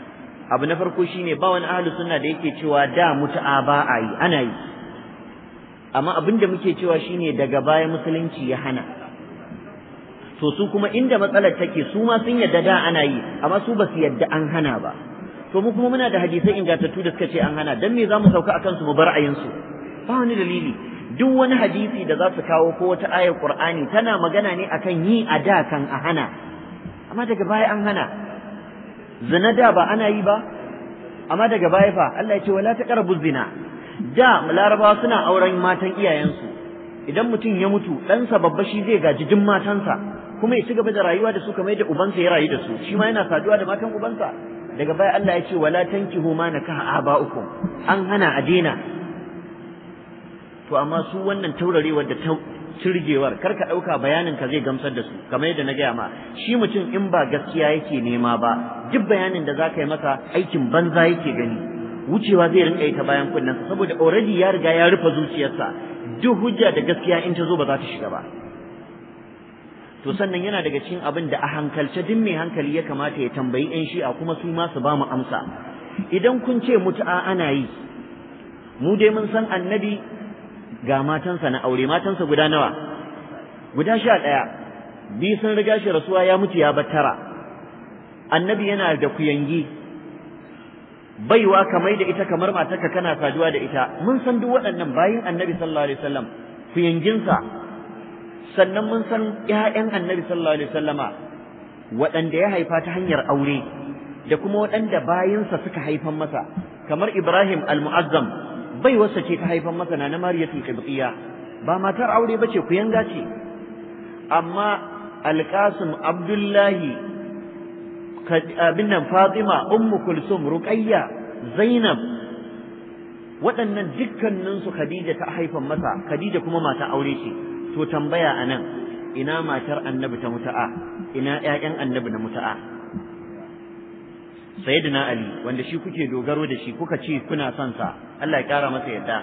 abu na farko shine ba wani ahlus sunna da yake cewa da muta'a ba a yi ana yi amma abin da muke cewa shine daga baya musulunci ya hana to su kuma inda matsalar take su ma sun yadda da ana yi amma su ba su yadda an hana ba to mu kuma muna da hadisai ingantattu da suka ce an hana dan me zamu sauka akan su mu bar ayin su ba wani dalili duk wani hadisi da za su kawo ko wata ayar Qur'ani tana magana ne akan yi a da kan a hana amma daga baya an hana zina da ba ana yi ba amma daga baya fa Allah ya ce wala taqrabu zina da larabawa suna auren matan iyayensu idan mutum ya mutu ɗansa babba shi zai gaji duk matansa kuma ya ci gaba da rayuwa da su kamar yadda ubansa ya rayu da su shi ma yana saduwa da matan ubansa daga baya Allah ya ce wala tankihu ma nakaha aba'ukum an hana a daina to amma su wannan taurarewar da ta cirgewar kar ka ɗauka bayanin ka zai gamsar da su kamar yadda na gaya ma shi mutum in ba gaskiya yake nema ba duk bayanin da za ka yi masa aikin banza yake gani wucewa zai rinka yi ta bayan kunnensa saboda already ya riga ya rufe zuciyarsa duk hujja da gaskiya in ta zo ba za ta shiga ba to sannan yana daga cikin abin da a hankalce duk mai hankali ya kamata ya tambayi yan shi'a kuma su ma su ba mu amsa idan kun ce mutu'a ana yi mu dai mun san annabi ga matansa na aure matansa guda nawa guda sha ɗaya biyu sun riga shi rasuwa ya mutu ya batara. annabi yana da kuyangi baiwa kamar da ita kamar matarka kana saduwa da ita mun san duk waɗannan bayin annabi sallallahu alaihi wasallam kuyanginsa sannan mun san ƴaƴan annabi sallallahu alaihi wasallama waɗanda ya haifa ta hanyar aure da kuma waɗanda bayansa suka haifan masa kamar Ibrahim al-Mu'azzam bai wasa ce ta haifan masa na na Mariyatu Qibtiyya ba matar aure bace ku yanga ce amma al Abdullahi abin Fatima Ummu Kulsum Ruqayya Zainab waɗannan dukkaninsu Khadija ta haifan masa Khadija kuma mata aure ce to tambaya a nan ina matar annabi ta mutu'a ina ƴaƴan annabi na mutu'a sayyidina ali wanda shi kuke dogaro da shi kuka ce kuna son sa Allah ya kara masa yadda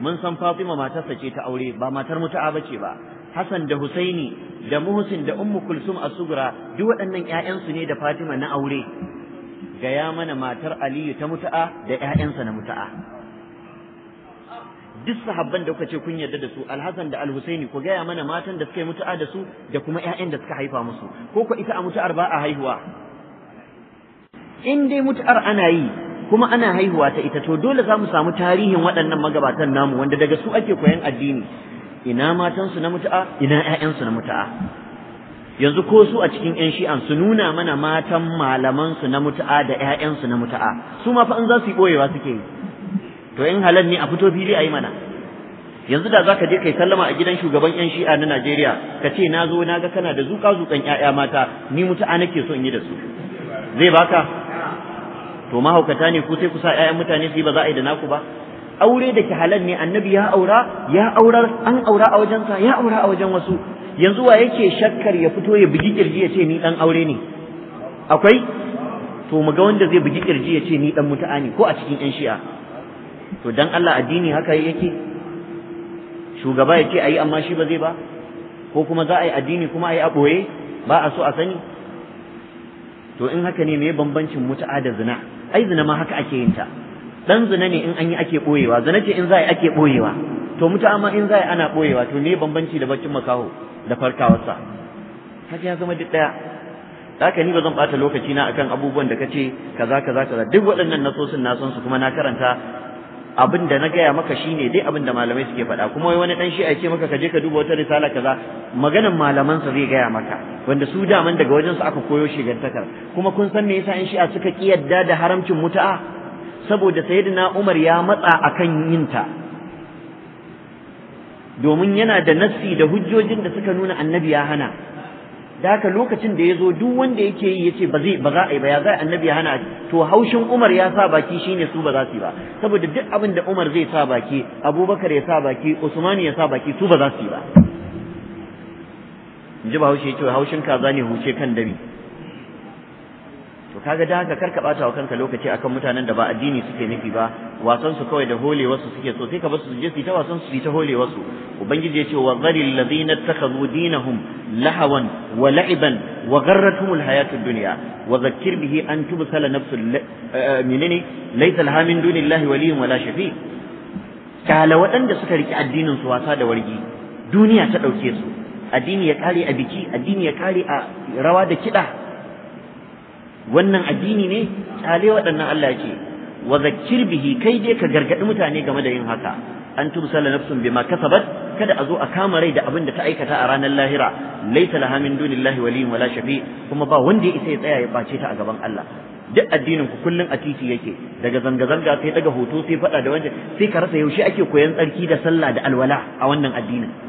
mun san Fatima matarsa ce ta aure ba matar mutu'a bace ba Hassan da Husaini da Muhsin da Ummu Kulsum Asugura duk waɗannan ƴaƴansu ne da Fatima na aure gaya mana matar Aliyu ta mutu'a da ƴaƴansa na mutu'a duk sahabban da kuka ce kun yarda da su alhassan da alhusaini ku gaya mana matan da suka yi mutu'a da su da kuma 'ya'yan da suka haifa musu ko ku ita a mutu'ar ba a haihuwa in dai mutu'ar ana yi kuma ana haihuwa ta ita to dole za mu samu tarihin waɗannan magabatan namu wanda daga su ake koyan addini ina matansu na mutu'a ina su na mutu'a yanzu ko su a cikin 'yan shi'an su nuna mana matan su na mutu'a da su na mutu'a su ma fa in za su yi ɓoyewa suke yi to in halal ne a fito fili a yi mana yanzu da za ka je kai sallama a gidan shugaban yan shi'a na Najeriya ka ce na zo na ga kana da zuka zukan ƴaƴa mata ni mutu'a nake so in yi da su zai baka to mahaukata ne ku sai ku sa ƴaƴan mutane su ba za a yi da naku ba aure da ke halal ne annabi ya aura ya aura an aura a wajensa ya aura a wajen wasu yanzu wa yake shakkar ya fito ya bugi kirji ya ce ni dan aure ne akwai to mu ga wanda zai bugi kirji ya ce ni dan mutu'a ne ko a cikin yan shi'a to dan Allah addini haka yake shugaba ya ce ayi amma shi ba zai ba ko kuma za a yi addini kuma a yi a ɓoye ba a so a sani to in haka ne me bambancin mutu'a da zina ai zina ma haka ake yin ta dan zina ne in an yi ake ɓoyewa zina ce in za a yi ake ɓoyewa to mutu'a ma in za a yi ana ɓoyewa to me bambanci da baccin makaho da farkawarsa haka ya zama duk ɗaya haka ni ba zan ɓata lokaci na akan abubuwan da kace kaza kaza kaza duk waɗannan nasosin na san su kuma na karanta abin da na gaya maka shine dai abin da malamai suke faɗa kuma wani dan shi ce maka ka je ka duba wata risala kaza Maganin malamansa zai gaya maka wanda su daman daga wajen su aka koyo shigantakar kuma kun san me yasa in shi'a suka kiyarda da haramcin mutu'a saboda sayyidina Umar ya matsa akan yin ta domin yana da nassi da hujjojin da suka nuna annabi ya hana da haka lokacin da ya zo duk wanda yake yi yace ba zai ba za a yi ba ya zai annabi hana to haushin Umar ya sa baki shine su ba za su yi ba saboda duk abin da Umar zai sa baki Abubakar ya sa baki Usman ya sa baki su ba za su yi ba in ji ba haushe yace haushin kaza ne huce kan dabi kaga da haka karka bata wa kanka lokaci akan mutanen da ba addini suke nufi ba wasan su kawai da hole wasu suke so sai ka basu je su ta wasan su ta hole wasu ubangiji yace wa zalil ladina takhadhu dinahum lahawan wa la'iban wa gharratuhum alhayatud dunya wa dhakkir bihi an tubsala nafsul minni laysa laha min dunillahi waliyyun wala shafi kala wadanda suka riki addinin su wasa da wargi duniya ta dauke su addini ya kare a biki addini ya kare a rawa da kida wannan addini ne kyale waɗannan Allah ce wa zakkir bihi kai dai ka gargaɗi mutane game da yin haka an tubsala nafsun bima kasabat kada a zo a kama rai da abin da ta aikata a ranar lahira laisa laha min dunillahi waliyun wala shafi kuma ba wanda ya isa ya tsaya ya bace ta a gaban Allah duk addinin ku kullun a titi yake daga zanga zanga sai daga hoto sai faɗa da wanda sai ka rasa yaushe ake koyan tsarki da sallah da alwala a wannan addinin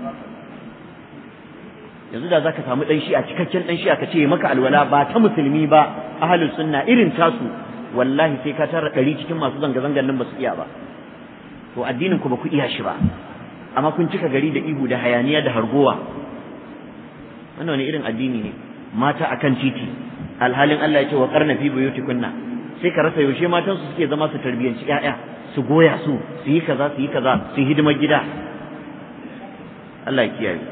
yanzu da zaka samu dan shi'a cikakken dan shi'a kace maka alwala ba ta musulmi ba ahlus sunna irin tasu wallahi sai ka tara ɗari cikin masu zanga zangan nan ba su iya ba to addinin ku ba ku iya shi ba amma kun cika gari da ihu da hayaniya da hargowa wannan wani irin addini ne mata akan titi alhalin Allah ya ce wa qarna fi buyutikunna sai ka rasa yaushe matan su suke zama su tarbiyanci yaya su goya su su yi kaza su yi kaza su hidimar gida Allah ya kiyaye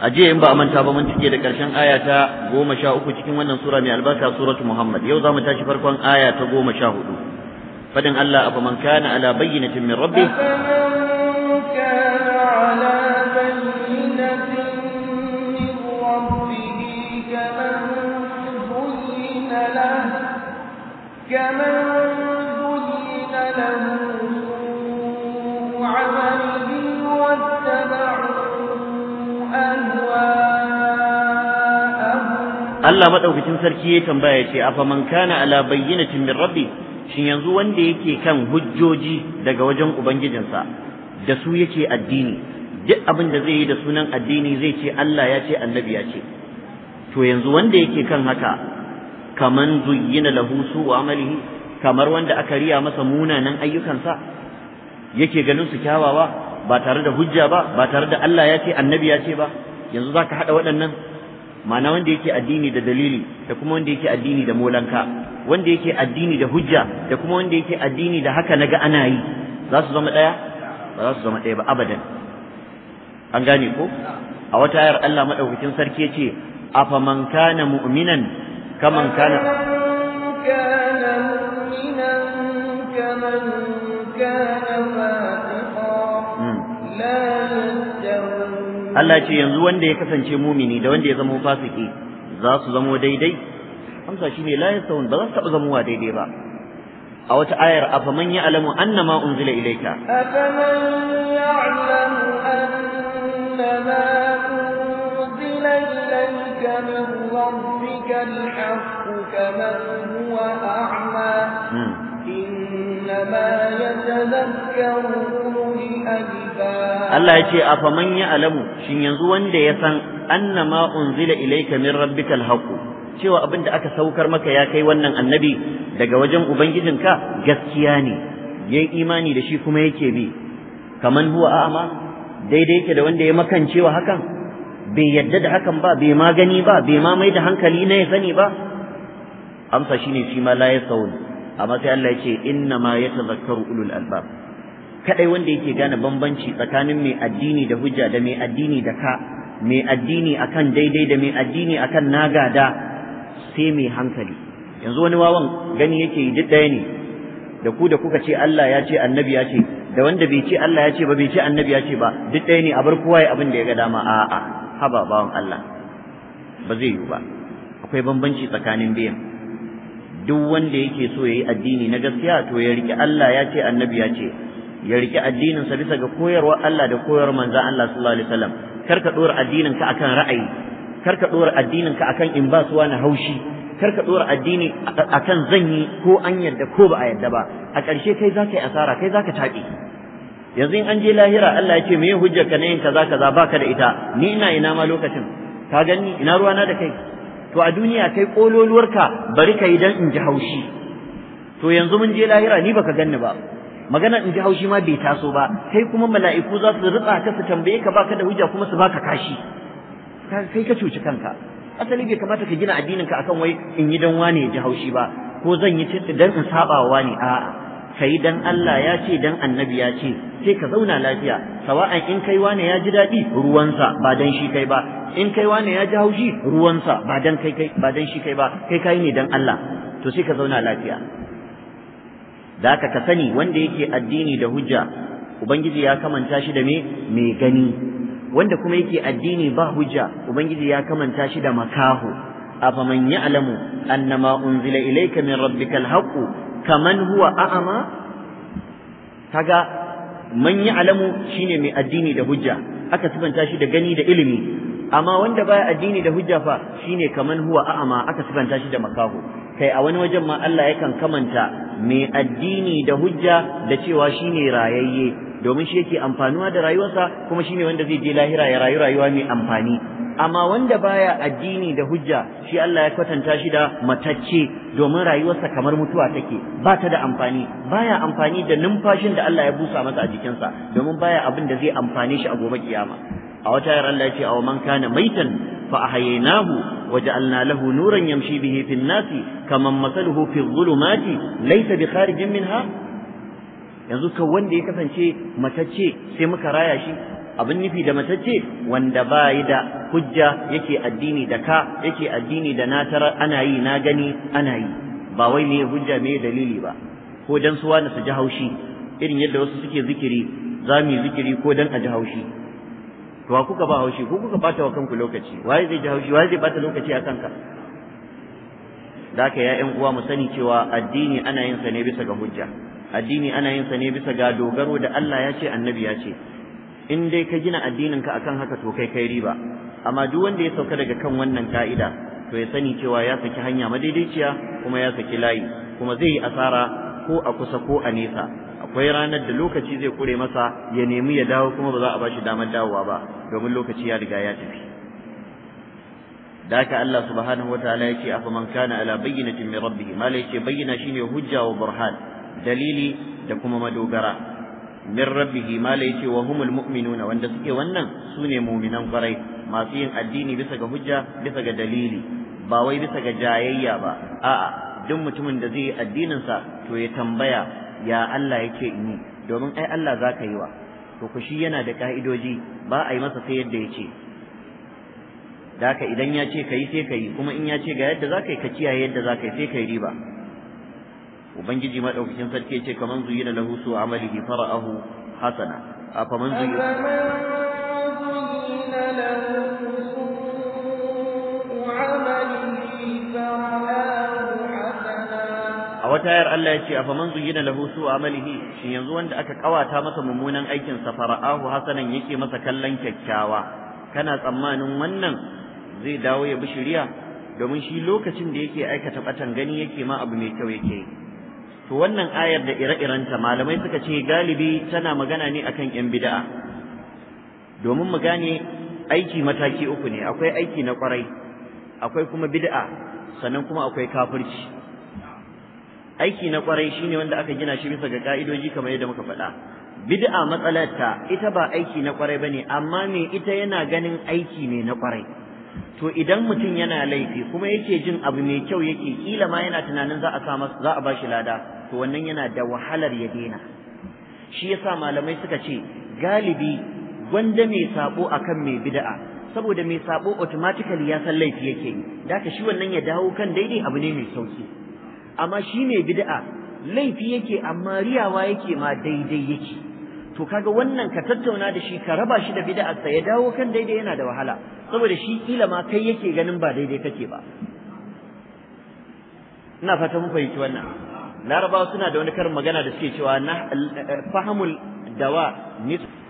aje in ba a manta ba mun cike da karshen aya ta 13 cikin wannan sura mai albarka suratul muhammad yau za mu tashi farkon aya ta 14 fadin allah afa man kana ala bayyinatin min rabbi كمن زين له سوء عمله Allah madaukakin sarki ya tambaya ce afa man kana ala bayyinatin min rabbi shin yanzu wanda yake kan hujjoji daga wajen ubangijinsa da su yake addini duk abin da zai yi da sunan addini zai ce Allah ya ce annabi ya ce to yanzu wanda yake kan haka kaman zuyyina lahu wa amalihi kamar wanda aka riya masa munanan ayyukansa yake ganin su kyawawa ba tare da hujja ba ba tare da Allah ya ce annabi ya ce ba yanzu za ka haɗa waɗannan ma'ana wanda yake addini da dalili da kuma wanda yake addini da molanka wanda yake addini da hujja da kuma wanda yake addini da haka naga ana yi za su zama ɗaya ba za su zama ɗaya ba abadan an gane ko a wata ayar Allah madaukakin sarki ya ce afaman kana mu'minan kaman kana kana mu'minan kaman kana Allah ce yanzu wanda ya kasance mumini da wanda ya zama fasiki za su zama daidai amsa shine la yasawun ba za su zama wa daidai ba a wata ayar afaman ya'lamu annama unzila ilayka afaman ya'lamu annama unzila ilayka min rabbika al-haqq huwa a'ma innama yatadhakkaru Allah ya ce a faman ya alamu shin yanzu wanda ya san annama unzila ilayka min rabbikal haqq cewa abin da aka saukar maka ya kai wannan annabi daga wajen ubangijinka gaskiya ne yayi imani da shi kuma yake bi kaman huwa a'ma daidai yake da wanda ya makancewa hakan bai yadda da hakan ba bai ma gani ba bai ma mai da hankali na ya sani ba amsa shine shi ma la yasawun amma sai Allah ya ce inna ma yatazakkaru ulul albab kadai wanda yake gane bambanci tsakanin mai addini da hujja da mai addini da ka mai addini akan daidai da mai addini akan nagada sai mai hankali yanzu wani wawan gani yake yi duk ɗaya ne da ku da kuka ce Allah ya ce annabi ya ce da wanda bai ce Allah ya ce ba bai ce annabi ya ce ba duk ɗaya ne a bar kowa ya abin da ya ga dama a'a haba bawan Allah ba zai yiwu ba akwai bambanci tsakanin biyan duk wanda yake so yayi addini na gaskiya to ya rike Allah ya ce annabi ya ce ya rike addinin sa bisa ga koyarwar Allah da koyar manzon Allah sallallahu alaihi wasallam kar ka dora addinin ka akan ra'ayi kar ka dora addinin ka akan in ba su na haushi kar ka dora addini akan zanyi ko an yadda ko ba a yadda ba a ƙarshe kai za ka yi asara kai za ka taɓe yanzu in an je lahira Allah ya ce me hujjar ka na yin kaza kaza baka da ita ni ina ina ma lokacin ka gani ina ruwana da kai to a duniya kai kololuwarka bari ka yi dan in ji haushi to yanzu mun je lahira ni baka ganni ba magana in ji haushi ma bai taso ba kai kuma mala'iku za su rutsa ka su tambaye ka baka da hujja kuma su baka kashi kai ka cuci kanka asali bai kamata ka gina addinin ka akan wai in yi dan wane ya ji haushi ba ko zan yi cinta dan in saba wa wani? a'a kai dan Allah ya ce dan annabi ya ce sai ka zauna lafiya sawa'an in kai wane ya ji daɗi ruwansa ba dan shi kai ba in kai wane ya ji haushi ruwansa ba dan kai kai ba dan shi kai ba kai kai ne dan Allah to sai ka zauna lafiya da aka ka sani wanda yake addini da hujja ubangiji ya kamanta shi da me mai gani wanda kuma yake addini ba hujja ubangiji ya kamanta shi da makaho man ya'lamu annama unzila ilayka min rabbikal haqqu kaman huwa a'ama kaga man ya'lamu shine mai addini da hujja aka sifanta shi da gani da ilimi amma wanda baya addini da hujja fa shine kaman huwa a'ama aka sifanta shi da makaho kai a wani wajen ma Allah yakan kamanta mai addini da hujja da cewa shine rayayye domin shi yake amfanuwa da rayuwarsa kuma shi ne wanda zai je lahira ya rayu rayuwa mai amfani amma wanda baya addini da hujja shi Allah ya kwatanta shi da matacce domin rayuwarsa kamar mutuwa take ba ta da amfani baya amfani da numfashin da Allah ya busa masa a jikinsa domin baya abin da zai amfane shi a gobe kiyama a wata yar Allah yace aw man kana maitan fa ahyaynahu ja'alna lahu nuran yamshi bihi fin nasi kaman masaluhu fi dhulumati laysa bi kharijin minha yanzu ka wanda ya kasance matacce sai muka raya shi abin nufi da matacce wanda ba da hujja yake addini da ka yake addini da na tara ana yi na gani ana yi ba wai me hujja me dalili ba ko dan suwa na su ji haushi irin yadda wasu suke zikiri za mu yi zikiri ko dan a ji haushi to wa kuka ba haushi ko kuka bata wa kanku lokaci waye zai ji haushi waye zai bata lokaci a kanka da haka uwa mu sani cewa addini ana yin sa ne bisa ga hujja addini ana yin sa ne bisa ga dogaro da Allah ya ce annabi ya ce in dai ka gina addinin ka akan haka to kai kai riba amma duk wanda ya sauka daga kan wannan ka'ida to ya sani cewa ya saki hanya madaidaiciya kuma ya saki layi kuma zai yi asara ko a kusa ko a nesa Wai ranar da lokaci zai kure masa ya nemi ya dawo kuma ba za a bashi damar dawowa ba domin lokaci ya riga ya tafi daka Allah subhanahu wataala yake afa man kana ala bayyinatin min rabbih mala yake bayyana shine hujja wa burhan dalili da kuma madogara min rabbih mala yake wa humul mu'minuna wanda suke wannan sune mu'minan kwarai masu yin addini bisa ga hujja bisa ga dalili ba wai bisa ga jayayya ba a'a duk mutumin da zai yi addininsa to ya tambaya ya Allah yake in yi domin ai Allah za ka yi wa to ku shi yana da ka'idoji ba a yi masa sai yadda ya ce da haka idan ya ce ka yi sai ka yi kuma in ya ce ga yadda za ka yi ka kiyaye yadda za ka yi sai ka yi riba ubangiji madaukakin sarki ya ce kaman zuyina lahu su amalihi fara'ahu hasana afaman zuyina lahu wata yar Allah ya ce faman zuyina lahu su amalihi shin yanzu wanda aka kawata masa mummunan aikin sa fara'ahu hasanan yake masa kallon kyakkyawa kana tsammanin wannan zai dawo ya bi shiriya domin shi lokacin da yake aikata batan gani yake ma abu mai kyau yake to wannan ayar da ire iren ta malamai suka ce galibi tana magana ne akan yan bid'a domin mu gane aiki mataki uku ne akwai aiki na kwarai akwai kuma bid'a sannan kuma akwai kafirci aiki na kwarai shine wanda aka gina shi bisa ga ka'idoji kamar yadda muka faɗa bid'a matsalarta ita ba aiki na kwarai bane amma me ita yana ganin aiki ne na kwarai to idan mutum yana laifi kuma yake jin abu mai kyau yake kila ma yana tunanin za a sa za a bashi lada to wannan yana da wahalar ya daina shi yasa malamai suka ce galibi gwanda mai sabo akan mai bid'a saboda mai sabo automatically ya san laifi yake yi da shi wannan ya dawo kan daidai abu ne mai sauki amma shi mai bida'a laifi yake amma riyawa yake ma daidai yake to kaga wannan ka tattauna da shi ka raba shi da sa ya dawo kan daidai yana da wahala saboda shi kila ma kai yake ganin ba daidai kake ba ina fata mun fahimci wannan larabawa suna da wani karin magana da suke cewa na fahamul dawa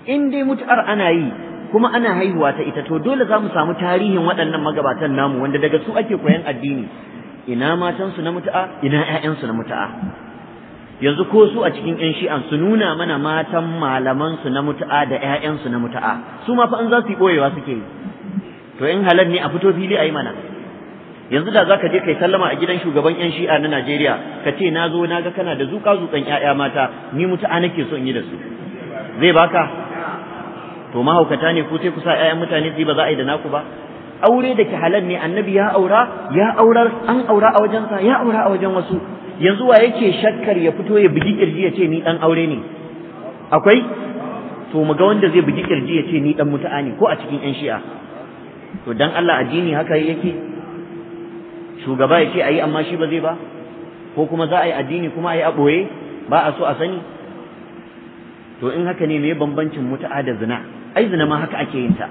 in dai mutu'ar ana yi kuma ana haihuwa ta ita to dole za mu samu tarihin waɗannan magabatan namu wanda daga su ake koyan addini ina matansu na mutu'a ina 'ya'yansu na mutu'a yanzu ko su a cikin 'yan shi'an su nuna mana matan malamansu na mutu'a da 'ya'yansu na mutu'a su ma fa an za su yi ɓoyewa suke yi to in halar ne a fito fili a yi mana yanzu da za ka je kai sallama a gidan shugaban 'yan shi'a na Najeriya ka ce na zo na ga kana da zuƙa zuƙan 'ya'ya mata ni mutu'a nake so in yi da su zai baka to mahaukata ne ko sai ku sa ƴaƴan mutane su ba za a yi da naku ba aure da ke halal ne annabi ya aura ya aurar an aura a wajensa ya aura a wajen wasu yanzu wa yake shakkar ya fito ya bugi kirji ya ce ni dan aure ne akwai to mu ga wanda zai bugi kirji ya ce ni dan mutu'a ne ko a cikin yan shi'a to dan Allah addini haka yake shugaba ya ayi amma shi ba zai ba ko kuma za a yi addini kuma a yi a ba a so a sani to in haka ne me bambancin mutu'a da zina ai zina ma haka ake yin ta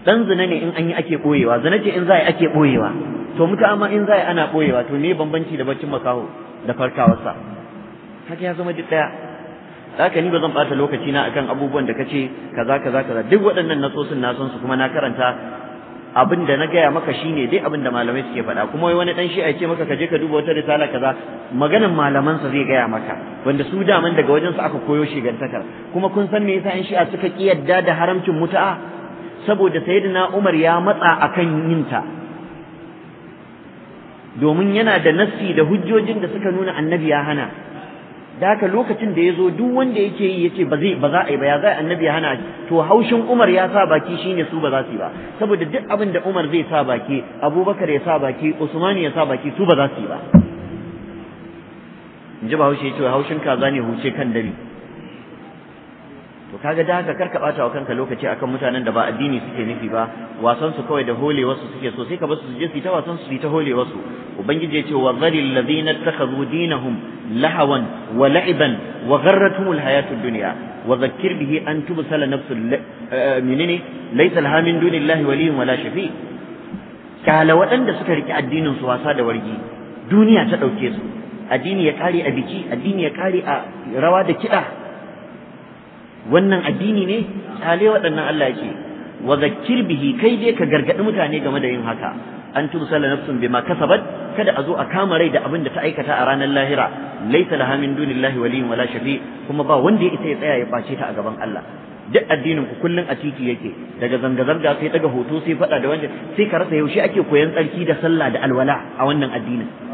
dan zina ne in an yi ake ɓoyewa, zina ce in za ake ɓoyewa, to mutu amma in za ana ɓoyewa, to ne bambanci da baccin makaho da farkawarsa haka ya zama duk daya haka ni ba zan bata lokaci na akan abubuwan da kace kaza kaza kaza duk waɗannan nasosin na son su kuma na karanta abin da na gaya maka shine dai abin da malamai suke faɗa kuma wai wani dan shi ce maka je ka duba wata risala kaza maganan malamansa zai gaya maka wanda su daman daga wajensu aka koyo shigantakar. kuma kun san me yasa in shi'a suka kiyarda da haramcin mutu'a saboda sayyidina Umar ya matsa akan yin ta domin yana da nassi da hujjojin da suka nuna annabi ya hana da haka lokacin da ya zo duk wanda yake yi yace ba zai ba za a yi ba ya zai annabi ya hana to haushin Umar ya sa baki shine su ba za su yi ba saboda duk abin da Umar zai sa baki Abubakar ya sa baki Usman ya sa baki su ba za su yi ba in ji ba haushe ya ce haushin kaza ne huce kan dare to kaga da haka karka bata wa kanka lokaci akan mutanen da ba addini suke nufi ba wasan su kawai da hole wasu suke so sai ka basu su je su ta wasan su ta hole wasu ubangiji ya ce wa zaril ladina takhadhu dinahum lahawan wa la'iban wa gharratuhum alhayatud dunya wa dhakkir bihi an tubsala nafsun eh, menene laysa laha min dunillahi waliyyun wala shafi kala waɗanda suka rike addinin su wasa da wargi duniya ta ɗauke su addini ya kare a biki addini ya kare a rawa da kiɗa wannan addini ne kyale waɗannan Allah yake wa zakkir bihi kai dai ka gargadi mutane game da yin haka an tubsala nafsun bima kasabat kada a zo a kama rai da abin da ta aikata a ranar lahira laysa laha min dunillahi waliyyun wala shafi kuma ba wanda ya isa ya tsaya ya face ta a gaban Allah duk addinin ku kullun a titi yake daga zanga zanga sai daga hoto sai fada da wanda sai ka rasa yaushe ake koyan tsarki da sallah da alwala a wannan addinin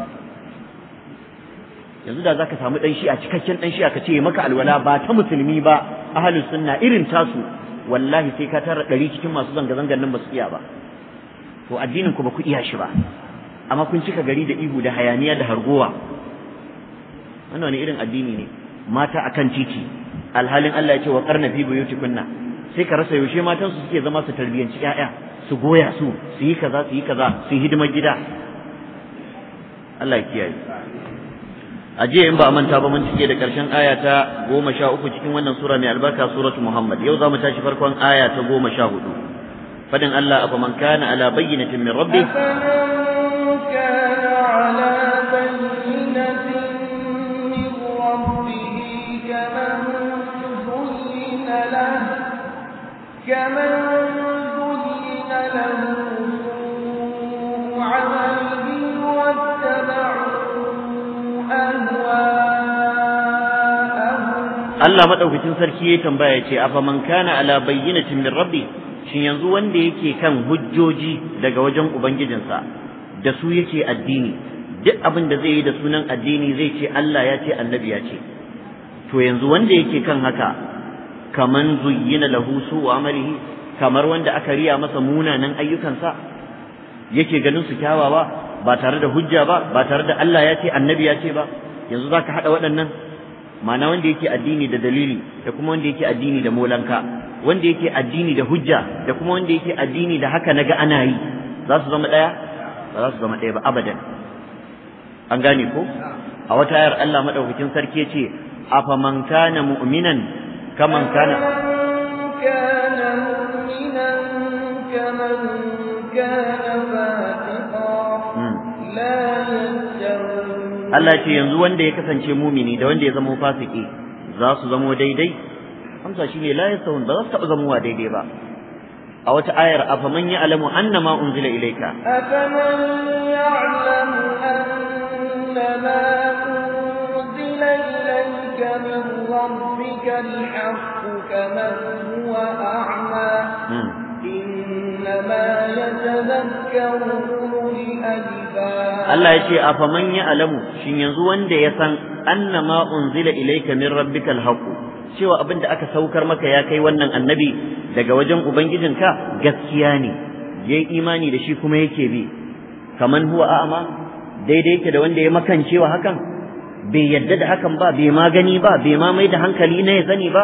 yanzu da zaka samu dan shi'a cikakken dan shi'a ka ce maka alwala ba ta musulmi ba ahlus sunna irin tasu wallahi sai ka tara dari cikin masu zanga zangan nan ba su iya ba to addinin ku ba ku iya shi ba amma kun cika gari da ihu da hayaniya da hargowa wannan wani irin addini ne mata akan titi alhalin Allah ya ce wa karna fi buyutikunna sai ka rasa yaushe matan su suke zama su tarbiyanci yaya su goya su su yi kaza su yi kaza su yi hidimar gida Allah ya kiyaye aje in ba a manta ba mun cike da karshen aya ta 13 cikin wannan sura mai albarka suratul muhammad yau zamu tashi farkon aya ta 14 fadin allah afa man kana ala bayyinatin min rabbi كمن زين له سوء واتبعه Allah madaukakin sarki ya tambaya ce afa man kana ala bayyinatin min rabbi shin yanzu wanda yake kan hujjoji daga wajen ubangijinsa da su yake addini duk abin da zai yi da sunan addini zai ce Allah ya ce annabi ya ce to yanzu wanda yake kan haka kaman zuyyina lahu wa amalihi kamar wanda aka riya masa munanan ayyukansa yake ganin su kyawawa ba tare da hujja ba ba tare da Allah ya ce annabi ya ce ba yanzu zaka hada waɗannan ma'ana wanda yake addini da dalili da kuma wanda yake addini da molanka wanda yake addini da hujja da kuma wanda yake addini da haka naga ana yi za su zama ɗaya ba za su zama ɗaya ba abadan an gane ko a wata ayar Allah madaukakin sarki yace man kana mu'minan kaman kana kana mu'minan kaman kana Allah ce yanzu wanda ya kasance mumini da wanda ya zama fasiki za su zamo daidai amsa shine la yasawun ba za su taɓa zamowa daidai ba a wata ayar afaman ya'lamu annama unzila ilayka afaman ya'lamu annama unzila ilayka min rabbika al kaman huwa a'ma hmm. innama yatadhakkaru Allah ya ce a faman ya alamu shin yanzu wanda ya san annama unzila ilayka min rabbika haqq cewa abin da aka saukar maka ya kai wannan annabi daga wajen ubangijinka gaskiya ne yayi imani da shi kuma yake bi kaman huwa a'ma daidai yake da wanda ya makancewa hakan bai yadda da hakan ba bai ma gani ba bai ma mai da hankali na ya sani ba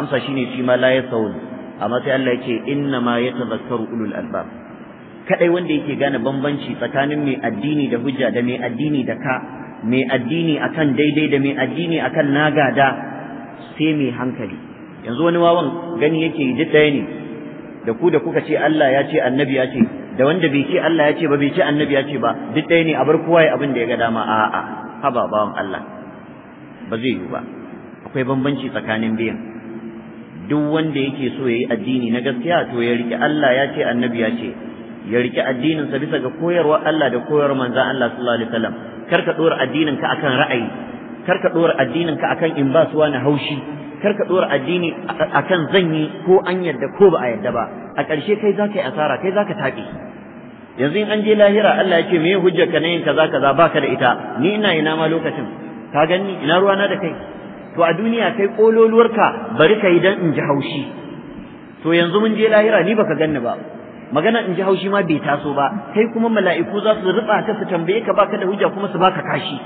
amsa shine shi ma la ya saul amma sai Allah ya ce inna ma yatadhakkaru ulul albab kadai wanda yake gane bambanci tsakanin mai addini da hujja da mai addini da ka mai addini akan daidai da mai addini akan nagada sai mai hankali yanzu wani wawan gani yake ji ɗaya ne da ku da kuka ce Allah ya ce annabi ya ce da wanda bai ce Allah ya ce ba bai ce annabi ya ce ba duk ɗaya ne a bar kowa ya abin da ya ga dama a'a haba bawan Allah ba zai yiwu ba akwai bambanci tsakanin biyan duk wanda yake so ya yi addini na gaskiya to ya riƙe Allah ya ce annabi ya ce ya riki addininsa bisa ga koyarwar Allah da koyarwar manzan Allah sallallahu alaihi wasallam kar ka dora addinin ka akan ra'ayi kar ka dora addinin ka akan in ba su na haushi kar ka dora addini akan zanyi ko an yadda ko ba a yadda ba a ƙarshe kai za ka yi asara kai za ka taƙi yanzu in an je lahira Allah ya ce me hujjar ka na yin kaza kaza baka da ita ni ina ina ma lokacin ka gani ina ruwana da kai to a duniya kai ka bari ka yi dan in ji haushi to yanzu mun je lahira ni baka ganni ba magana in ji haushi ma bai taso ba kai kuma mala'iku za su rufa ta su tambaye ka baka da hujja kuma su baka kashi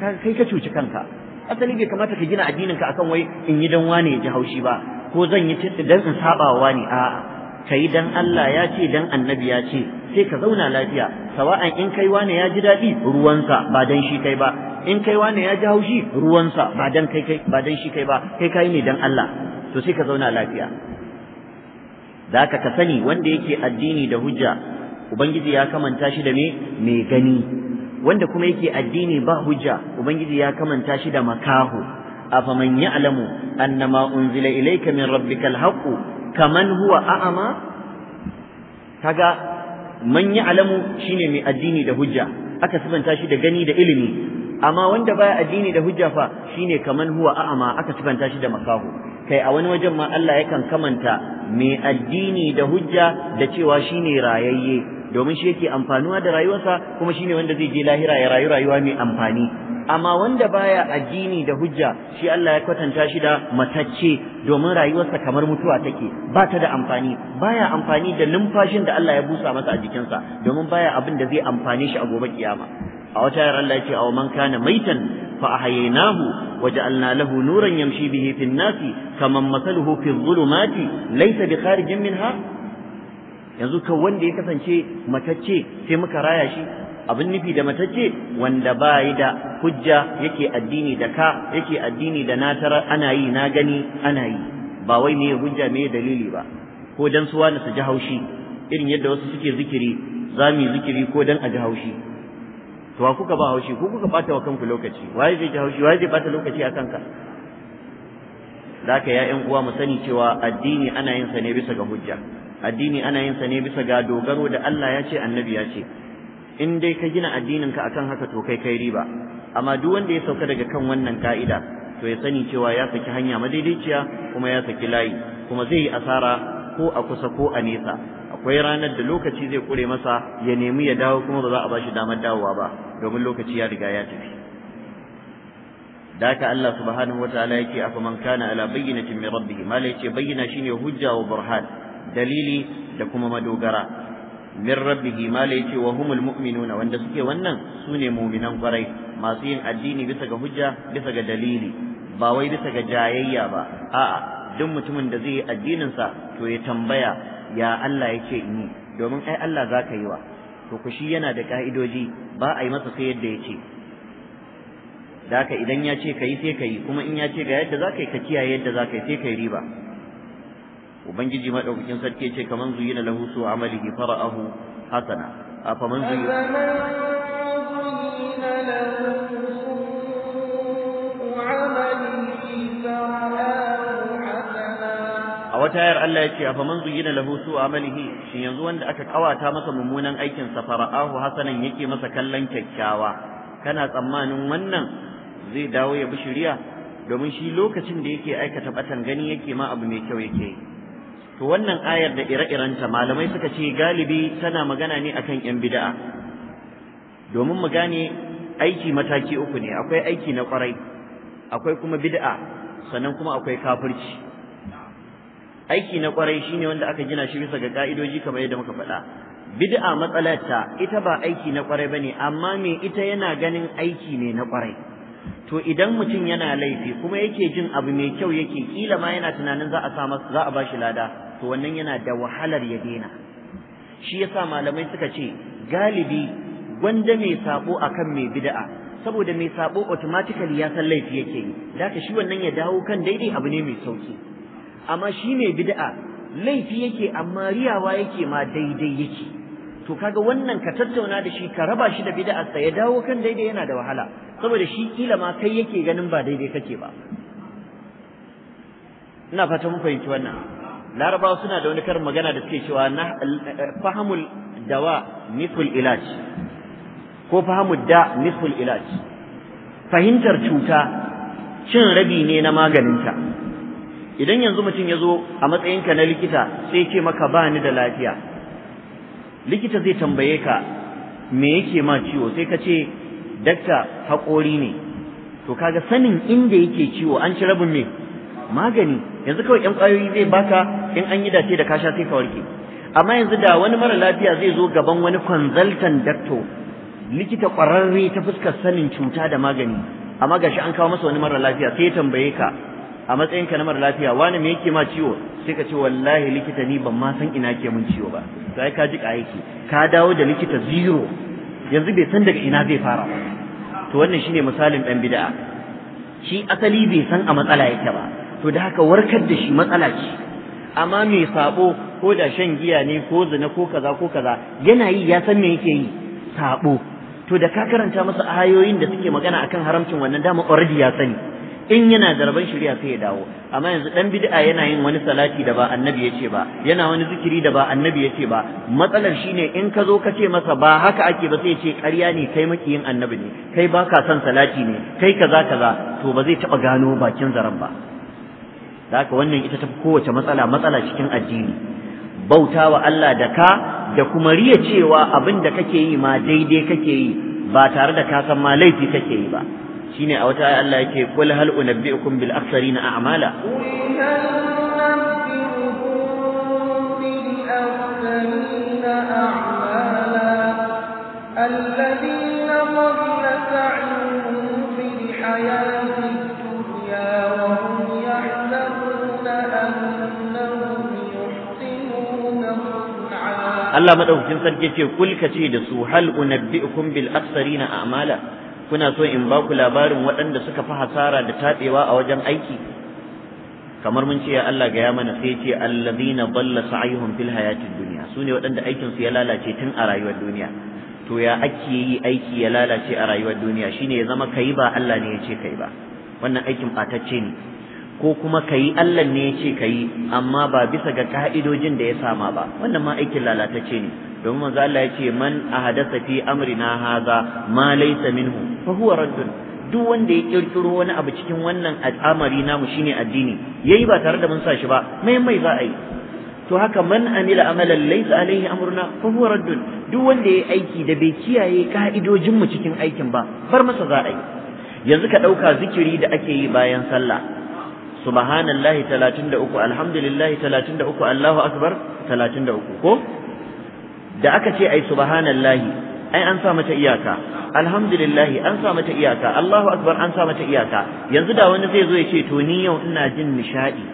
kai ka cuci kanka asali bai kamata ka gina addinin ka akan wai in yi dan wane ya ji haushi ba ko zan yi dan in saba wa ne a'a kai dan Allah ya ce dan annabi ya ce sai ka zauna lafiya sawa'an in kai wane ya ji daɗi ruwansa ba dan shi kai ba in kai wane ya ji haushi ruwansa ba dan kai kai ba dan shi kai ba kai kai ne dan Allah to sai ka zauna lafiya da ka sani wanda yake addini da hujja ubangiji ya kamanta shi da me mai gani wanda kuma yake addini ba hujja ubangiji ya kamanta shi da makahu afaman ya'lamu annama unzila ilayka min rabbikal haqq kaman huwa a'ama kaga man ya'lamu shine mai addini da hujja aka sabanta shi da gani da ilimi amma wanda baya addini da hujja fa shine kaman huwa a'ama aka sabanta shi da makahu kai a wani wajen ma Allah yakan kamanta mai addini da hujja da cewa shine rayayye domin shi yake amfanuwa da rayuwarsa kuma shi ne wanda zai je lahira ya rayu rayuwa mai amfani amma wanda baya addini da hujja shi Allah ya kwatanta shi da matacce domin rayuwarsa kamar mutuwa take ba ta da amfani baya amfani da numfashin da Allah ya busa masa a jikinsa domin baya abin da zai amfane shi a gobe kiyama a wata ayar Allah yake a man kana maitan fa ahyaynahu waja'alna lahu nuran yamshi bihi fin nasi kaman masaluhu fi dhulumati laysa bi kharijin minha yanzu ka wanda ya kasance matacce sai muka raya shi abin nufi da matacce wanda ba yi da hujja yake addini da ka yake addini da natara ana yi na gani ana yi ba wai me hujja me dalili ba ko dan suwa na su ji haushi irin yadda wasu suke zikiri za yi zikiri ko dan a ji haushi to wa kuka ba haushi ku kuka bata wa kanku lokaci waye zai ji haushi waye zai bata lokaci a kanka zaka ya ƴan uwa mu sani cewa addini ana yin sa ne bisa ga hujja addini ana yin sa ne bisa ga dogaro da Allah ya ce annabi ya ce in dai ka gina addinin ka akan haka to kai kai riba amma duk wanda ya sauka daga kan wannan ka'ida to ya sani cewa ya saki hanya madaidaiciya kuma ya saki layi kuma zai yi asara ko a kusa ko a nesa akwai ranar da lokaci zai kure masa ya nemi ya dawo kuma ba za a ba shi damar dawowa ba domin lokaci ya riga ya tafi daka Allah subhanahu wataala yake afa man kana ala bayyinatin min rabbih mala yace bayyana shine hujja wa burhan dalili da kuma madogara min rabbih mala yace wa humul mu'minuna wanda suke wannan sune mu'minan kwarai masu yin addini bisa ga hujja bisa ga dalili ba wai bisa ga jayayya ba a'a duk mutumin da zai yi addinin sa to ya tambaya ya Allah ya ce in yi domin ai Allah za ka yi wa to ku shi yana da ka'idoji ba a yi masa sai yadda ya ce da haka idan ya ce ka yi sai ka yi kuma in ya ce ga yadda za ka yi ka kiyaye yadda za ka yi sai ka yi riba ubangiji madaukakin sarki ce kaman zuyina lahu su amalihi fara'ahu hasana a faman zuyina lahu su amalihi fara'ahu wata yar Allah yace afa man zuyina lahu su amalihi shi yanzu wanda aka kawata masa mummunan aikin sa fara'ahu hasanan yake masa kallon kyakkyawa kana tsammanin wannan zai dawo ya bi shiriya domin shi lokacin da yake aikata batan gani yake ma abu mai kyau yake to wannan ayar da ire iren ta malamai suka ce galibi tana magana ne akan yan bid'a domin mu gane aiki mataki uku ne akwai aiki na kwarai akwai kuma bid'a sannan kuma akwai kafirci aiki na kwarai shine wanda aka gina shi bisa ga ka'idoji kamar yadda muka faɗa bid'a matsalarta ita ba aiki na kwarai ne, amma me ita yana ganin aiki ne na kwarai to idan mutum yana laifi kuma yake jin abu mai kyau yake kila ma yana tunanin za a sa za a bashi lada to wannan yana da wahalar ya daina shi yasa malamai suka ce galibi gwanda mai sabo akan mai bid'a saboda mai saɓo automatically ya san laifi yake yi da shi wannan ya dawo kan daidai abu ne mai sauki amma shi mai bid'a laifi yake amma riyawa yake ma daidai yake to kaga wannan ka tattauna da shi ka raba shi da sa ya dawo kan daidai yana da wahala saboda shi kila ma kai yake ganin ba daidai kake ba ina fata mun fahimci wannan larabawa suna da wani karin magana da suke cewa na fahamul dawa nisful ilaj ko fahamul da nisful ilaj fahimtar cuta cin rabi ne na maganinta idan yanzu mutum ya zo a matsayinka na likita sai ce maka ba ni da lafiya likita zai tambaye ka me yake ma ciwo sai ka ce dakta haƙori ne to kaga sanin inda yake ciwo an ci rabin me magani yanzu kawai yan ƙwayoyi zai baka in an yi dace da kasha sai ka warke amma yanzu da wani mara lafiya zai zo gaban wani consultant dakto likita ƙwararre ta fuskar sanin cuta da magani amma gashi an kawo masa wani mara lafiya sai ya tambaye ka a matsayin ka na mara lafiya wani me yake ma ciwo sai ka ce wallahi likita ni ban ma san ina ke mun ciwo ba to ka ji ka aiki? ka dawo da likita zero yanzu bai san daga ina zai fara to wannan shine misalin dan bid'a shi asali bai san a matsala yake ba to da haka warkar da shi matsala ce amma me sabo ko da shan giya ne ko zina ko kaza ko kaza yana yi ya san me yake yi sabo to da ka karanta masa ayoyin da suke magana akan haramcin wannan dama already ya sani in yana da rabon shari'a sai ya dawo amma yanzu dan bid'a yana yin wani salati da ba annabi yace ba yana wani zikiri da ba annabi yace ba matsalar shine in ka zo ka ce masa ba haka ake ba sai ya ce ƙarya ne kai yin annabi ne kai baka son salati ne kai kaza kaza to ba zai taba gano bakin zaran ba haka wannan ita tafi kowace matsala matsala cikin addini bauta wa Allah da ka da kuma riya cewa abin da kake yi ma daidai kake yi ba tare da ka san ma laifi kake yi ba shine a wata aya Allah yake qul hal unabbiukum bil akhsarina a'mala الذين سعيهم في الحياة الدنيا وهم يحسبون يحسنون الله مدعوكم سنكتي كل كتي دسو هل أنبئكم بالأكثرين أعمالا kuna so in ba ku labarin waɗanda suka fi hasara da taɗewa a wajen aiki kamar mun ce ya Allah ga ya mana sai ce allazina dalla sa'ihum fil hayatid dunya sune waɗanda aikin su ya lalace tun a rayuwar duniya to ya ake yi aiki ya lalace a rayuwar duniya shine ya zama kai ba Allah ne ya ce kai ba wannan aikin batacce ne ko kuma kayi Allah ne ya ce kayi amma ba bisa ga ka'idojin da ya sama ba wannan ma aikin lalatacce ne domin manzo Allah ya ce man ahadatha fi amrina haza ma laysa minhu fa huwa raddun duk wanda ya kirkiro wani abu cikin wannan al'amari namu shine addini yayi ba tare da mun sa shi ba mai mai za a yi to haka man amila amalan laysa alaihi amruna fa huwa raddun duk wanda yayi aiki da bai kiyaye ka'idojin mu cikin aikin ba bar masa za a yi yanzu ka dauka zikiri da ake yi bayan sallah subhanallahi 33 alhamdulillahi 33 Allahu akbar 33 ko da aka ce ai subhanallahi ai an sa mata iyaka alhamdulillah an sa mata iyaka Allahu akbar an sa mata iyaka yanzu da wani zai zo ya ce to ni yau ina jin nishadi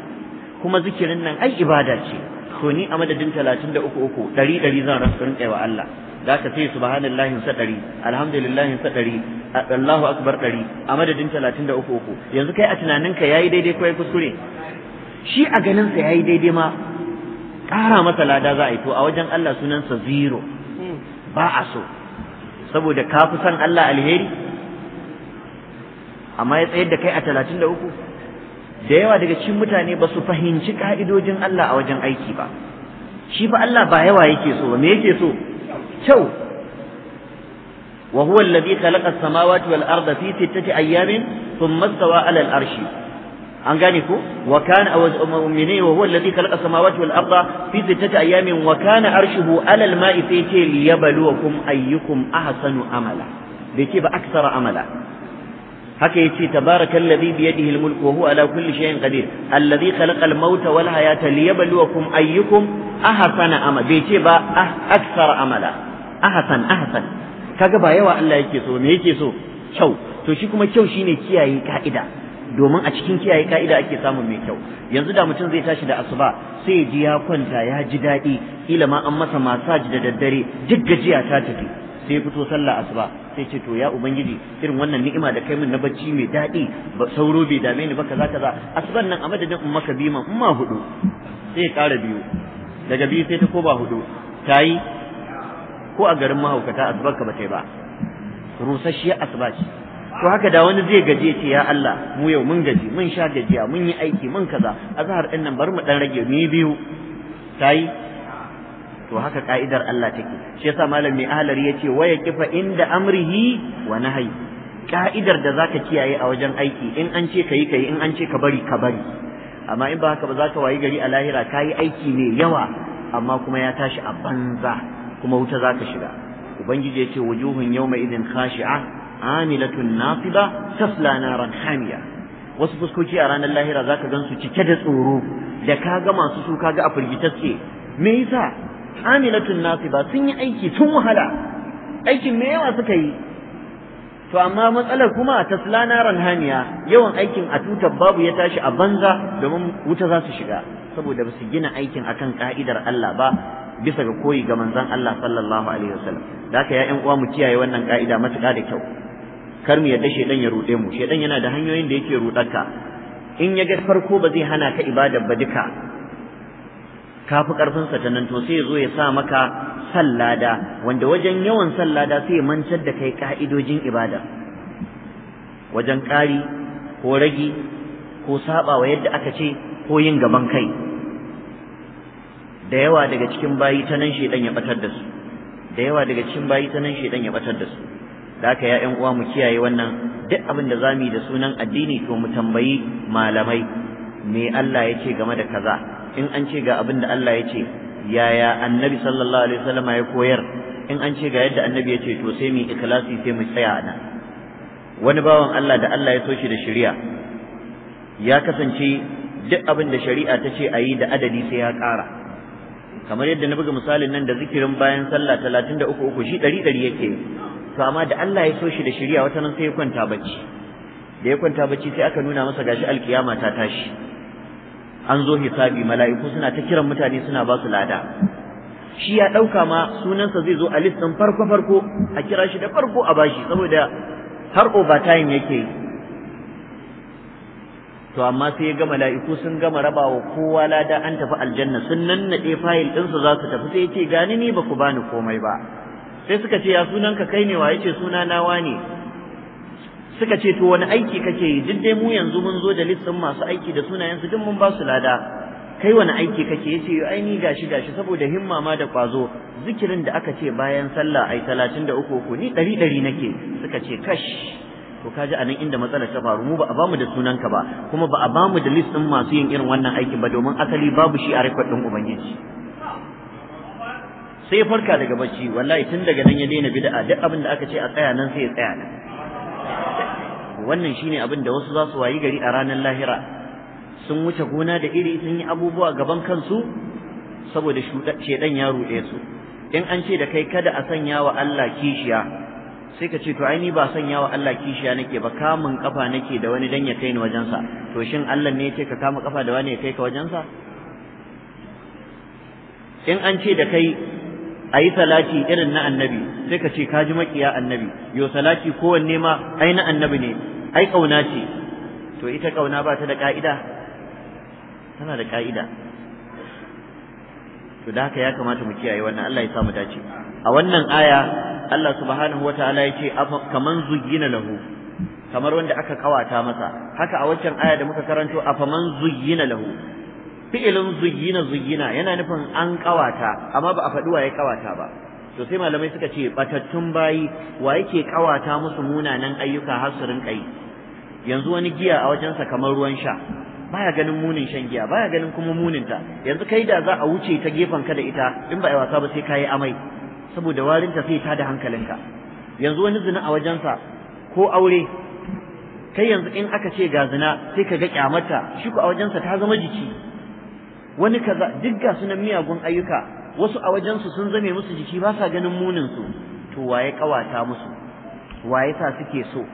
kuma zikirin nan ai ibada ce to ni a madadin 33 uku ɗari-ɗari zan rasa rinka wa Allah zaka sai subhanallahi sa ɗari. alhamdulillah sa ɗari. Allahu akbar ɗari. a madadin 33 uku yanzu kai a tunaninka yayi daidai ko yayi kuskure shi a ganinsa sa yayi daidai ma ƙara masa lada za a yi to a wajen Allah sunansa zero ba a so saboda ka fi son Allah alheri amma ya tsayar da kai a talatin da uku da yawa daga cikin mutane ba su fahimci ka'idojin Allah a wajen aiki ba shi fa Allah ba yawa yake so ba me yake so kyau wa huwa alladhi khalaqa as-samawati wal arda fi sittati ayamin thumma istawa 'ala al-arshi an gane ko wa kana mu'mini wa huwa alladhi khalaqa samawati wal arda fi sittati ayamin wa kana arshuhu alal ma'i sai ce liyabluwakum ayyukum ahsanu amala bai ce ba aksara amala haka yace tabarakallazi bi yadihi almulk wa huwa ala kulli shay'in qadir alladhi khalaqa almauta wal hayata liyabluwakum ayyukum ahsana amala bai ce ba ah, aksara amala ahsan ahsan kaga ba yawa Allah yake so me yake so kyau to shi kuma kyau shine kiyaye ka'ida domin a cikin kiyaye ka'ida ake samun mai kyau yanzu da mutum zai tashi da asuba sai ji ya kwanta ya ji daɗi kila ma an masa masaji da daddare duk gajiya ta tafi sai fito sallah asuba sai ce to ya ubangiji irin wannan ni'ima da kai min na bacci mai daɗi ba sauro bai dame ni ba kaza kaza asuban nan a madadin in maka biman in ma hudu sai ƙara biyu daga biyu sai ta koba hudu tayi ko a garin mahaukata asubar ka ba ta ba rusasshiya asuba ce to haka da wani zai gaje ce ya Allah mu yau mun gaji mun sha gajiya mun yi aiki mun kaza azhar din nan bari mu dan rage ni biyu tayi to haka ka'idar Allah take shi yasa malam mai ya ce waya kifa inda amrihi wa nahyi ka'idar da zaka kiyaye a wajen aiki in an ce kayi kayi in an ce ka bari ka bari amma in ba haka ba zaka wayi gari a lahira kayi aiki ne yawa amma kuma ya tashi a banza kuma wuta zaka shiga ubangiji yace wujuhun yawma idin khashi'a عاملة nasiba تصلى نارا حامية wasu fuskoki a ranar lahira zaka gansu cike da tsoro da ga masu su ga a firgitacce me yasa amilatun nasiba sun yi aiki tun wahala aikin me yawa suka yi to amma matsalar kuma tasla naran hamiya yawan aikin a tutar babu ya tashi a banza domin wuta za su shiga saboda ba su gina aikin akan ka'idar Allah ba bisa ga koyi ga manzon Allah sallallahu alaihi wasallam da ka ya ƴan uwa mu kiyaye wannan ka'ida matuƙa da kyau kar mu yadda shedan ya ruɗe mu shedan yana da hanyoyin da yake ruɗarka in ya ga farko ba zai hana ka ibadar ba duka ka fi ƙarfinsa ta nan to sai ya zo ya sa maka sallada wanda wajen yawan sallada sai ya mancar da kai ka'idojin ibada wajen ƙari ko ragi ko saɓawa yadda aka ce ko yin gaban kai da yawa daga cikin bayi ta nan shedan ya batar da su da yawa daga cikin bayi ta shedan ya batar da su da haka ya 'yan uwa mu kiyaye wannan duk abin da zamu yi da sunan addini to mu tambayi malamai me Allah ya ce game da kaza in an ce ga abin da Allah ya ce yaya annabi sallallahu alaihi wasallam ya koyar in an ce ga yadda annabi ya ce to sai mu ikhlasi sai mu tsaya nan wani bawan Allah da Allah ya so shi da shari'a ya kasance duk abin da shari'a ta ce a yi da adadi sai ya ƙara kamar yadda na buga misalin nan da zikirin bayan sallah talatin da uku uku shi ɗari ɗari yake to amma da Allah ya so shi da shari'a wata nan sai ya kwanta bacci da ya kwanta bacci sai aka nuna masa gashi alkiyama ta tashi an zo hisabi mala'iku suna ta kiran mutane suna ba su lada shi ya ɗauka ma sunansa zai zo a listin farko farko a kira shi da farko a bashi saboda har overtime yake to amma sai ya ga mala'iku sun gama raba wa kowa lada an tafi aljanna sun nannaɗe fayil ɗinsu za su tafi sai ya ce gani ni ba ku bani komai ba sai suka ce ya sunanka kai ne wa yace suna nawa ne suka ce to wani aiki kake yi duk dai mu yanzu mun zo da listin masu aiki da sunayen su duk mun ba su lada kai wani aiki kake yace ai ni gashi gashi saboda himma ma da kwazo zikirin da aka ce bayan sallah ai 33 ko ni ɗari ɗari nake suka ce kash to kaji anan inda matsalar ta faru mu ba a bamu da sunanka ba kuma ba a bamu da listin masu yin irin wannan aikin ba domin asali babu shi a record din ubangiji sai farka daga bacci wallahi tun daga nan ya daina bid'a duk abin da aka ce a tsaya nan sai ya tsaya nan wannan shine abin da wasu za su wayi gari a ranar lahira sun wuce gona da iri sun yi abubuwa gaban kansu saboda shedan ya ruɗe su in an ce da kai kada a sanya wa Allah kishiya sai ka ce to ai ni ba sanya wa Allah kishiya nake ba kamun kafa nake da wani dan ya kai ni wajensa to shin Allah ne ya ce ka kama kafa da wani ya kai ka wajensa in an ce da kai Ayi salati irin na annabi sai ka ce ka ji makiya annabi yo salati kowanne ma ai na annabi ne ai ƙauna ce to ita ƙauna ba ta da ƙa'ida tana da ƙa'ida to da haka ya kamata mu kiyaye wannan Allah ya samu dace a wannan aya Allah subhanahu wataala ya ce kaman zuyyina lahu kamar wanda aka kawata masa haka a waccan aya da muka karanto afaman zuyyina lahu fi'ilin zuyyina zuyyina yana nufin an kawata amma ba a faɗi wa ya kawata ba to sai malamai suka ce batattun bayi wa yake kawata musu munanan ayyuka har su rinka yi yanzu wani giya a wajensa kamar ruwan sha baya ganin munin shan giya baya ganin kuma muninta yanzu kai da za a wuce ta gefen ka da ita in ba a wasa ba sai kayi amai saboda warinta sai ta da hankalinka yanzu wani zina a wajensa ko aure kai yanzu in aka ce ga zina sai ka ga kyamata shi ko a wajensa ta zama jiki wani kaza duk ga sunan miyagun ayyuka wasu a wajen su sun zame musu jiki ba sa ganin munin su to waye kawata musu waye sa suke so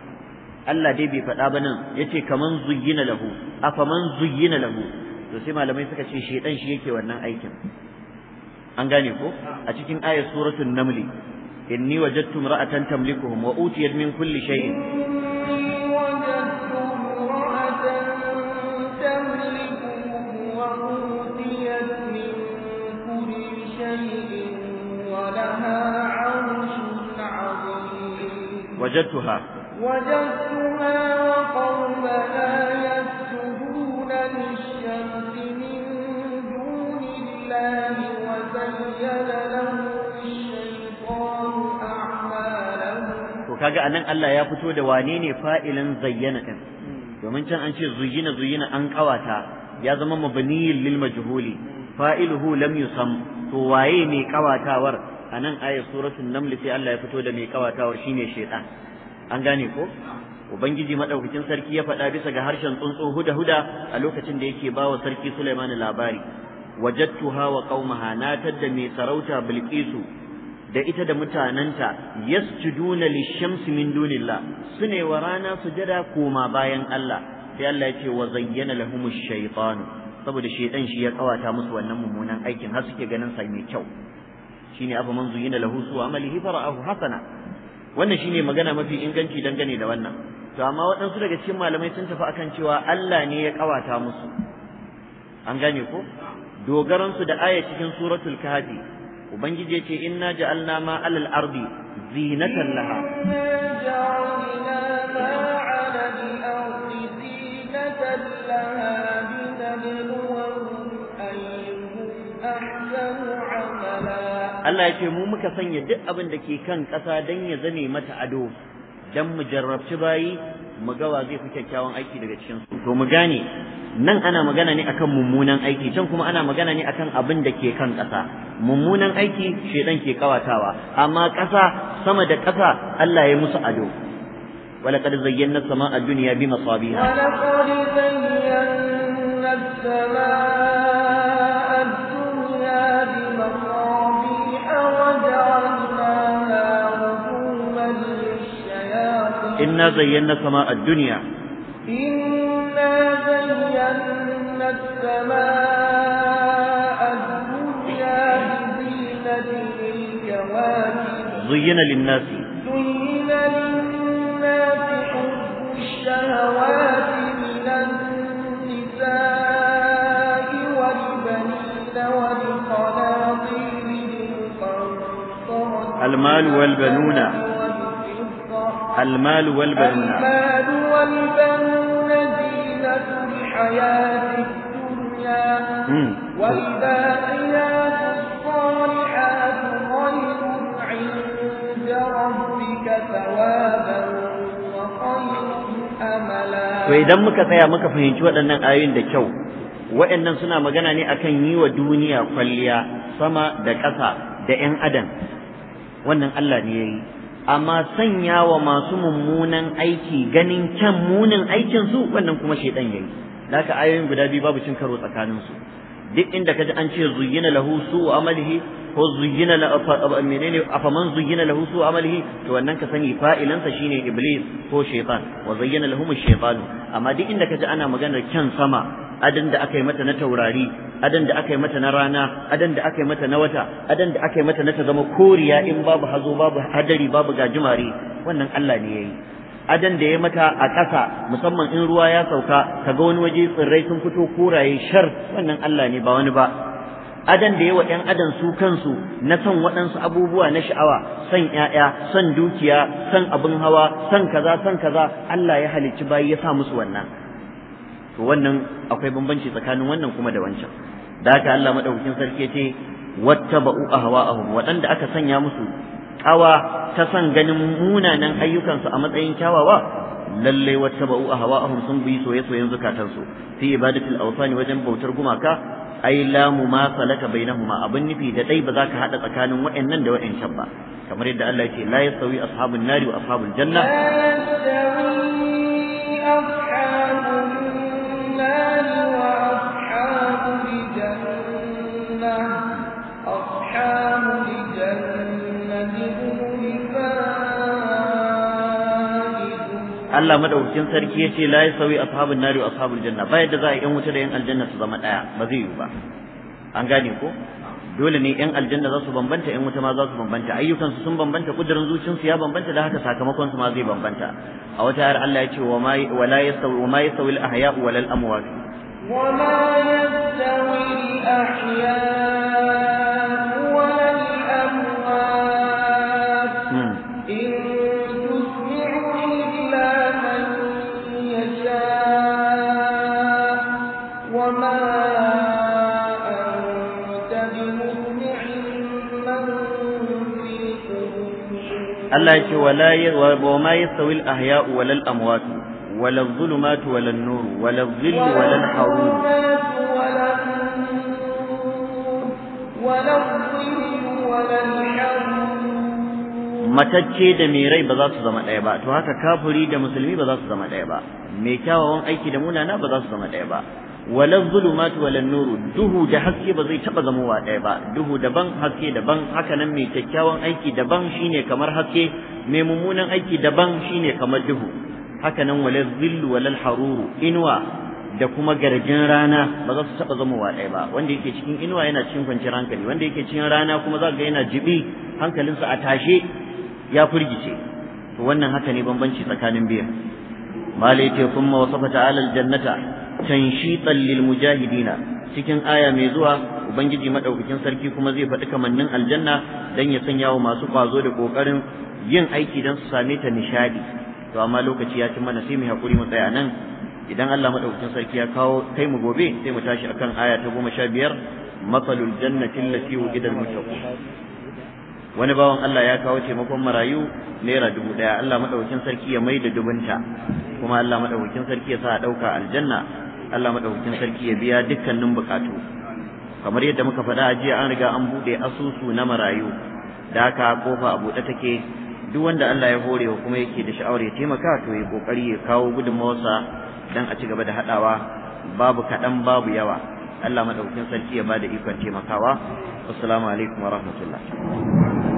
Allah dai bai faɗa ba nan yace kaman zuyyina lahu afaman zuyyina lahu to sai malamai suka ce shedan shi yake wannan aikin an gane ko a cikin ayat suratul naml inni wajadtu ra'atan tamlikuhum wa utiyat min kulli shay'in wajadtu ra'atan ولها عرش عظيم وجدتها وجدتها لا يسجدون للشمس من دون الله وزين لهم الشيطان أعمالهم وكاجا أن الله يا فتو دوانيني فائلا زينة ومن كان أنشي زينة زينة أنقواتا يا زمان ya للمجهول فائله لم يسم to waye mai kawatawar a nan ayar suratul naml sai Allah ya fito da mai kawatawar shine shaitan an gane ko ubangiji madaukakin sarki ya faɗa bisa ga harshen tsuntsu huda huda a lokacin da yake bawa sarki Sulaiman labari wajadtuha wa qaumaha na da mai sarauta bilqisu da ita da mutananta yasjuduna lishamsi min dunillah sune wa rana sujada koma bayan Allah sai Allah ya ce wa zayyana lahumu shaytanu saboda shaitan shi ya kawata musu wannan mummunan aikin har suke ganin sa mai kyau shine afa man zuyina lahu su amalihi fara'ahu hasana wannan shine magana mafi inganci dangane da wannan to amma waɗansu daga cikin malamai sun tafi akan cewa Allah ne ya kawata musu an gane ko dogaran su da aya cikin suratul kahfi ubangiji ya ce inna ja'alna ma alal ardi zinatan laha Allah ya ce mu muka sanya duk abin da ke kan ƙasa don ya zame mata ado don mu jarrabci bayi mu gawa zai fi kyakkyawan aiki daga cikin su to mu gane nan ana magana ne akan mummunan aiki can kuma ana magana ne akan abin da ke kan ƙasa mummunan aiki shedan ke kawatawa amma ƙasa sama da ƙasa Allah ya musu ado ولقد زينا السماء الدنيا بمصابيح ولقد زينا السماء إنا زينا سماء الدنيا إنا زينا السماء الدنيا بزينة الكواكب زين للناس زين للناس حب الشهوات من النساء والبنين والقناطير المال والبنون المال والبنون المال والبنون زينة الحياة الدنيا والباقيات الصالحات غير عند ربك ثوابا وخير أملا وإذا muka tsaya muka fahimci waɗannan ayoyin da kyau waɗannan suna magana ne akan yi wa duniya kwalliya sama da ƙasa da 'yan adam wannan Allah ne ya yi amma sanya wa masu mummunan aiki ganin kyan munin aikin su wannan kuma shaidan yayi Naka ayoyin guda biyu babu cin karo tsakanin su duk inda kaji an ce zuyyina lahu su'u amalihi ko zuyyina la menene zuyyina lahu amalihi to wannan ka sani fa'ilan sa shine iblis ko shaytan wa zayyana lahum ash-shaytan amma duk inda kaji ana maganar kyan sama adin da aka yi mata na taurari adan da aka yi mata na rana adan da aka yi mata na wata adan da aka yi mata na ta zama koriya in babu hazo babu hadari babu gajimare wannan Allah ne yayi adan da ya mata a ƙasa musamman in ruwa ya sauka kaga wani waje tsirrai sun fito koraye shar wannan Allah ne ba wani ba adan da yawa 'yan adan su kansu na son waɗansu abubuwa na sha'awa son ƴaƴa son dukiya son abin hawa son kaza son kaza Allah ya halicci bayi ya sa musu wannan to wannan akwai bambanci tsakanin wannan kuma da wancan da haka Allah madaukakin sarki ce wattaba'u ahwa'ahum waɗanda aka sanya musu kawa ta san ganin munanan ayyukansu a matsayin kyawawa lallai wattaba'u ahwa'ahum sun bi soye-soyen zukatansu fi ibadatil awsani wajen bautar gumaka ai la salaka bainahuma abin nufi da dai ba za ka hada tsakanin waɗannan da waɗancan ba kamar yadda Allah yake la yasawi ashabun nari wa ashabul janna la yasawi Allah madaukakin sarki yace la yasawi ashabun nari wa ashabul janna ba yadda za a yan wuta da yan aljanna su zama daya ba zai yi ba an gane ko dole ne yan aljanna za su bambanta yan wuta ma za su bambanta ayyukansu sun bambanta kudirin zuciyarsu ya bambanta da haka sakamakon su ma zai bambanta a wata 'yar Allah ya ce wa ma wala yastawi wa ma yastawi al amwat wa ma al Allah ya ce wa ma yastawi ولا ahyau ولا amwat ولا dhulumat ولا nur ولا dhill ولا ولا matacce da mai rai ba za su zama ɗaya ba to haka kafiri da musulmi ba za su zama ɗaya ba mai kyawawan aiki da munana ba za su zama ɗaya ba wala zulumatu wala nuru duhu da haske ba zai taba zamowa ɗaya ba duhu daban haske daban haka nan mai kyakkyawan aiki daban shine kamar haske mai mummunan aiki daban shine kamar duhu haka nan wala zillu wala haruru inuwa da kuma garjin rana ba za su taba zamowa ɗaya ba wanda yake cikin inuwa yana cikin kwanciyar hankali wanda yake cikin rana kuma za ga yana jibi hankalinsa a tashe ya furgice to wannan haka ne bambanci tsakanin biyan malai ce kuma wasafa ta'ala aljannata تنشيطا للمجاهدين na cikin aya mai zuwa ubangiji madaukakin sarki kuma zai faɗi kamannin aljanna dan ya sanya wa masu kwazo da kokarin yin aiki dan su same ta nishadi to amma lokaci ya ci mana sai mu hakuri mu tsaya nan idan Allah madaukakin sarki ya kawo kai mu gobe sai mu tashi akan aya ta goma sha biyar jannati allati wuqida al wani bawan Allah ya kawo taimakon marayu naira dubu daya Allah madaukakin sarki ya maida dubunta kuma Allah madaukakin sarki ya sa a dauka aljanna Allah madaukakin sarki ya biya dukkanin bukatu kamar yadda muka faɗa a jiya an riga an buɗe asusu na marayu da haka kofa a buɗe take duk wanda Allah ya hore wa kuma yake da sha'awar ya taimaka to ya kokari ya kawo gudunmawarsa dan a ci gaba da haɗawa babu kaɗan babu yawa Allah madaukakin sarki ya ba da ikon taimakawa assalamu alaikum wa rahmatullah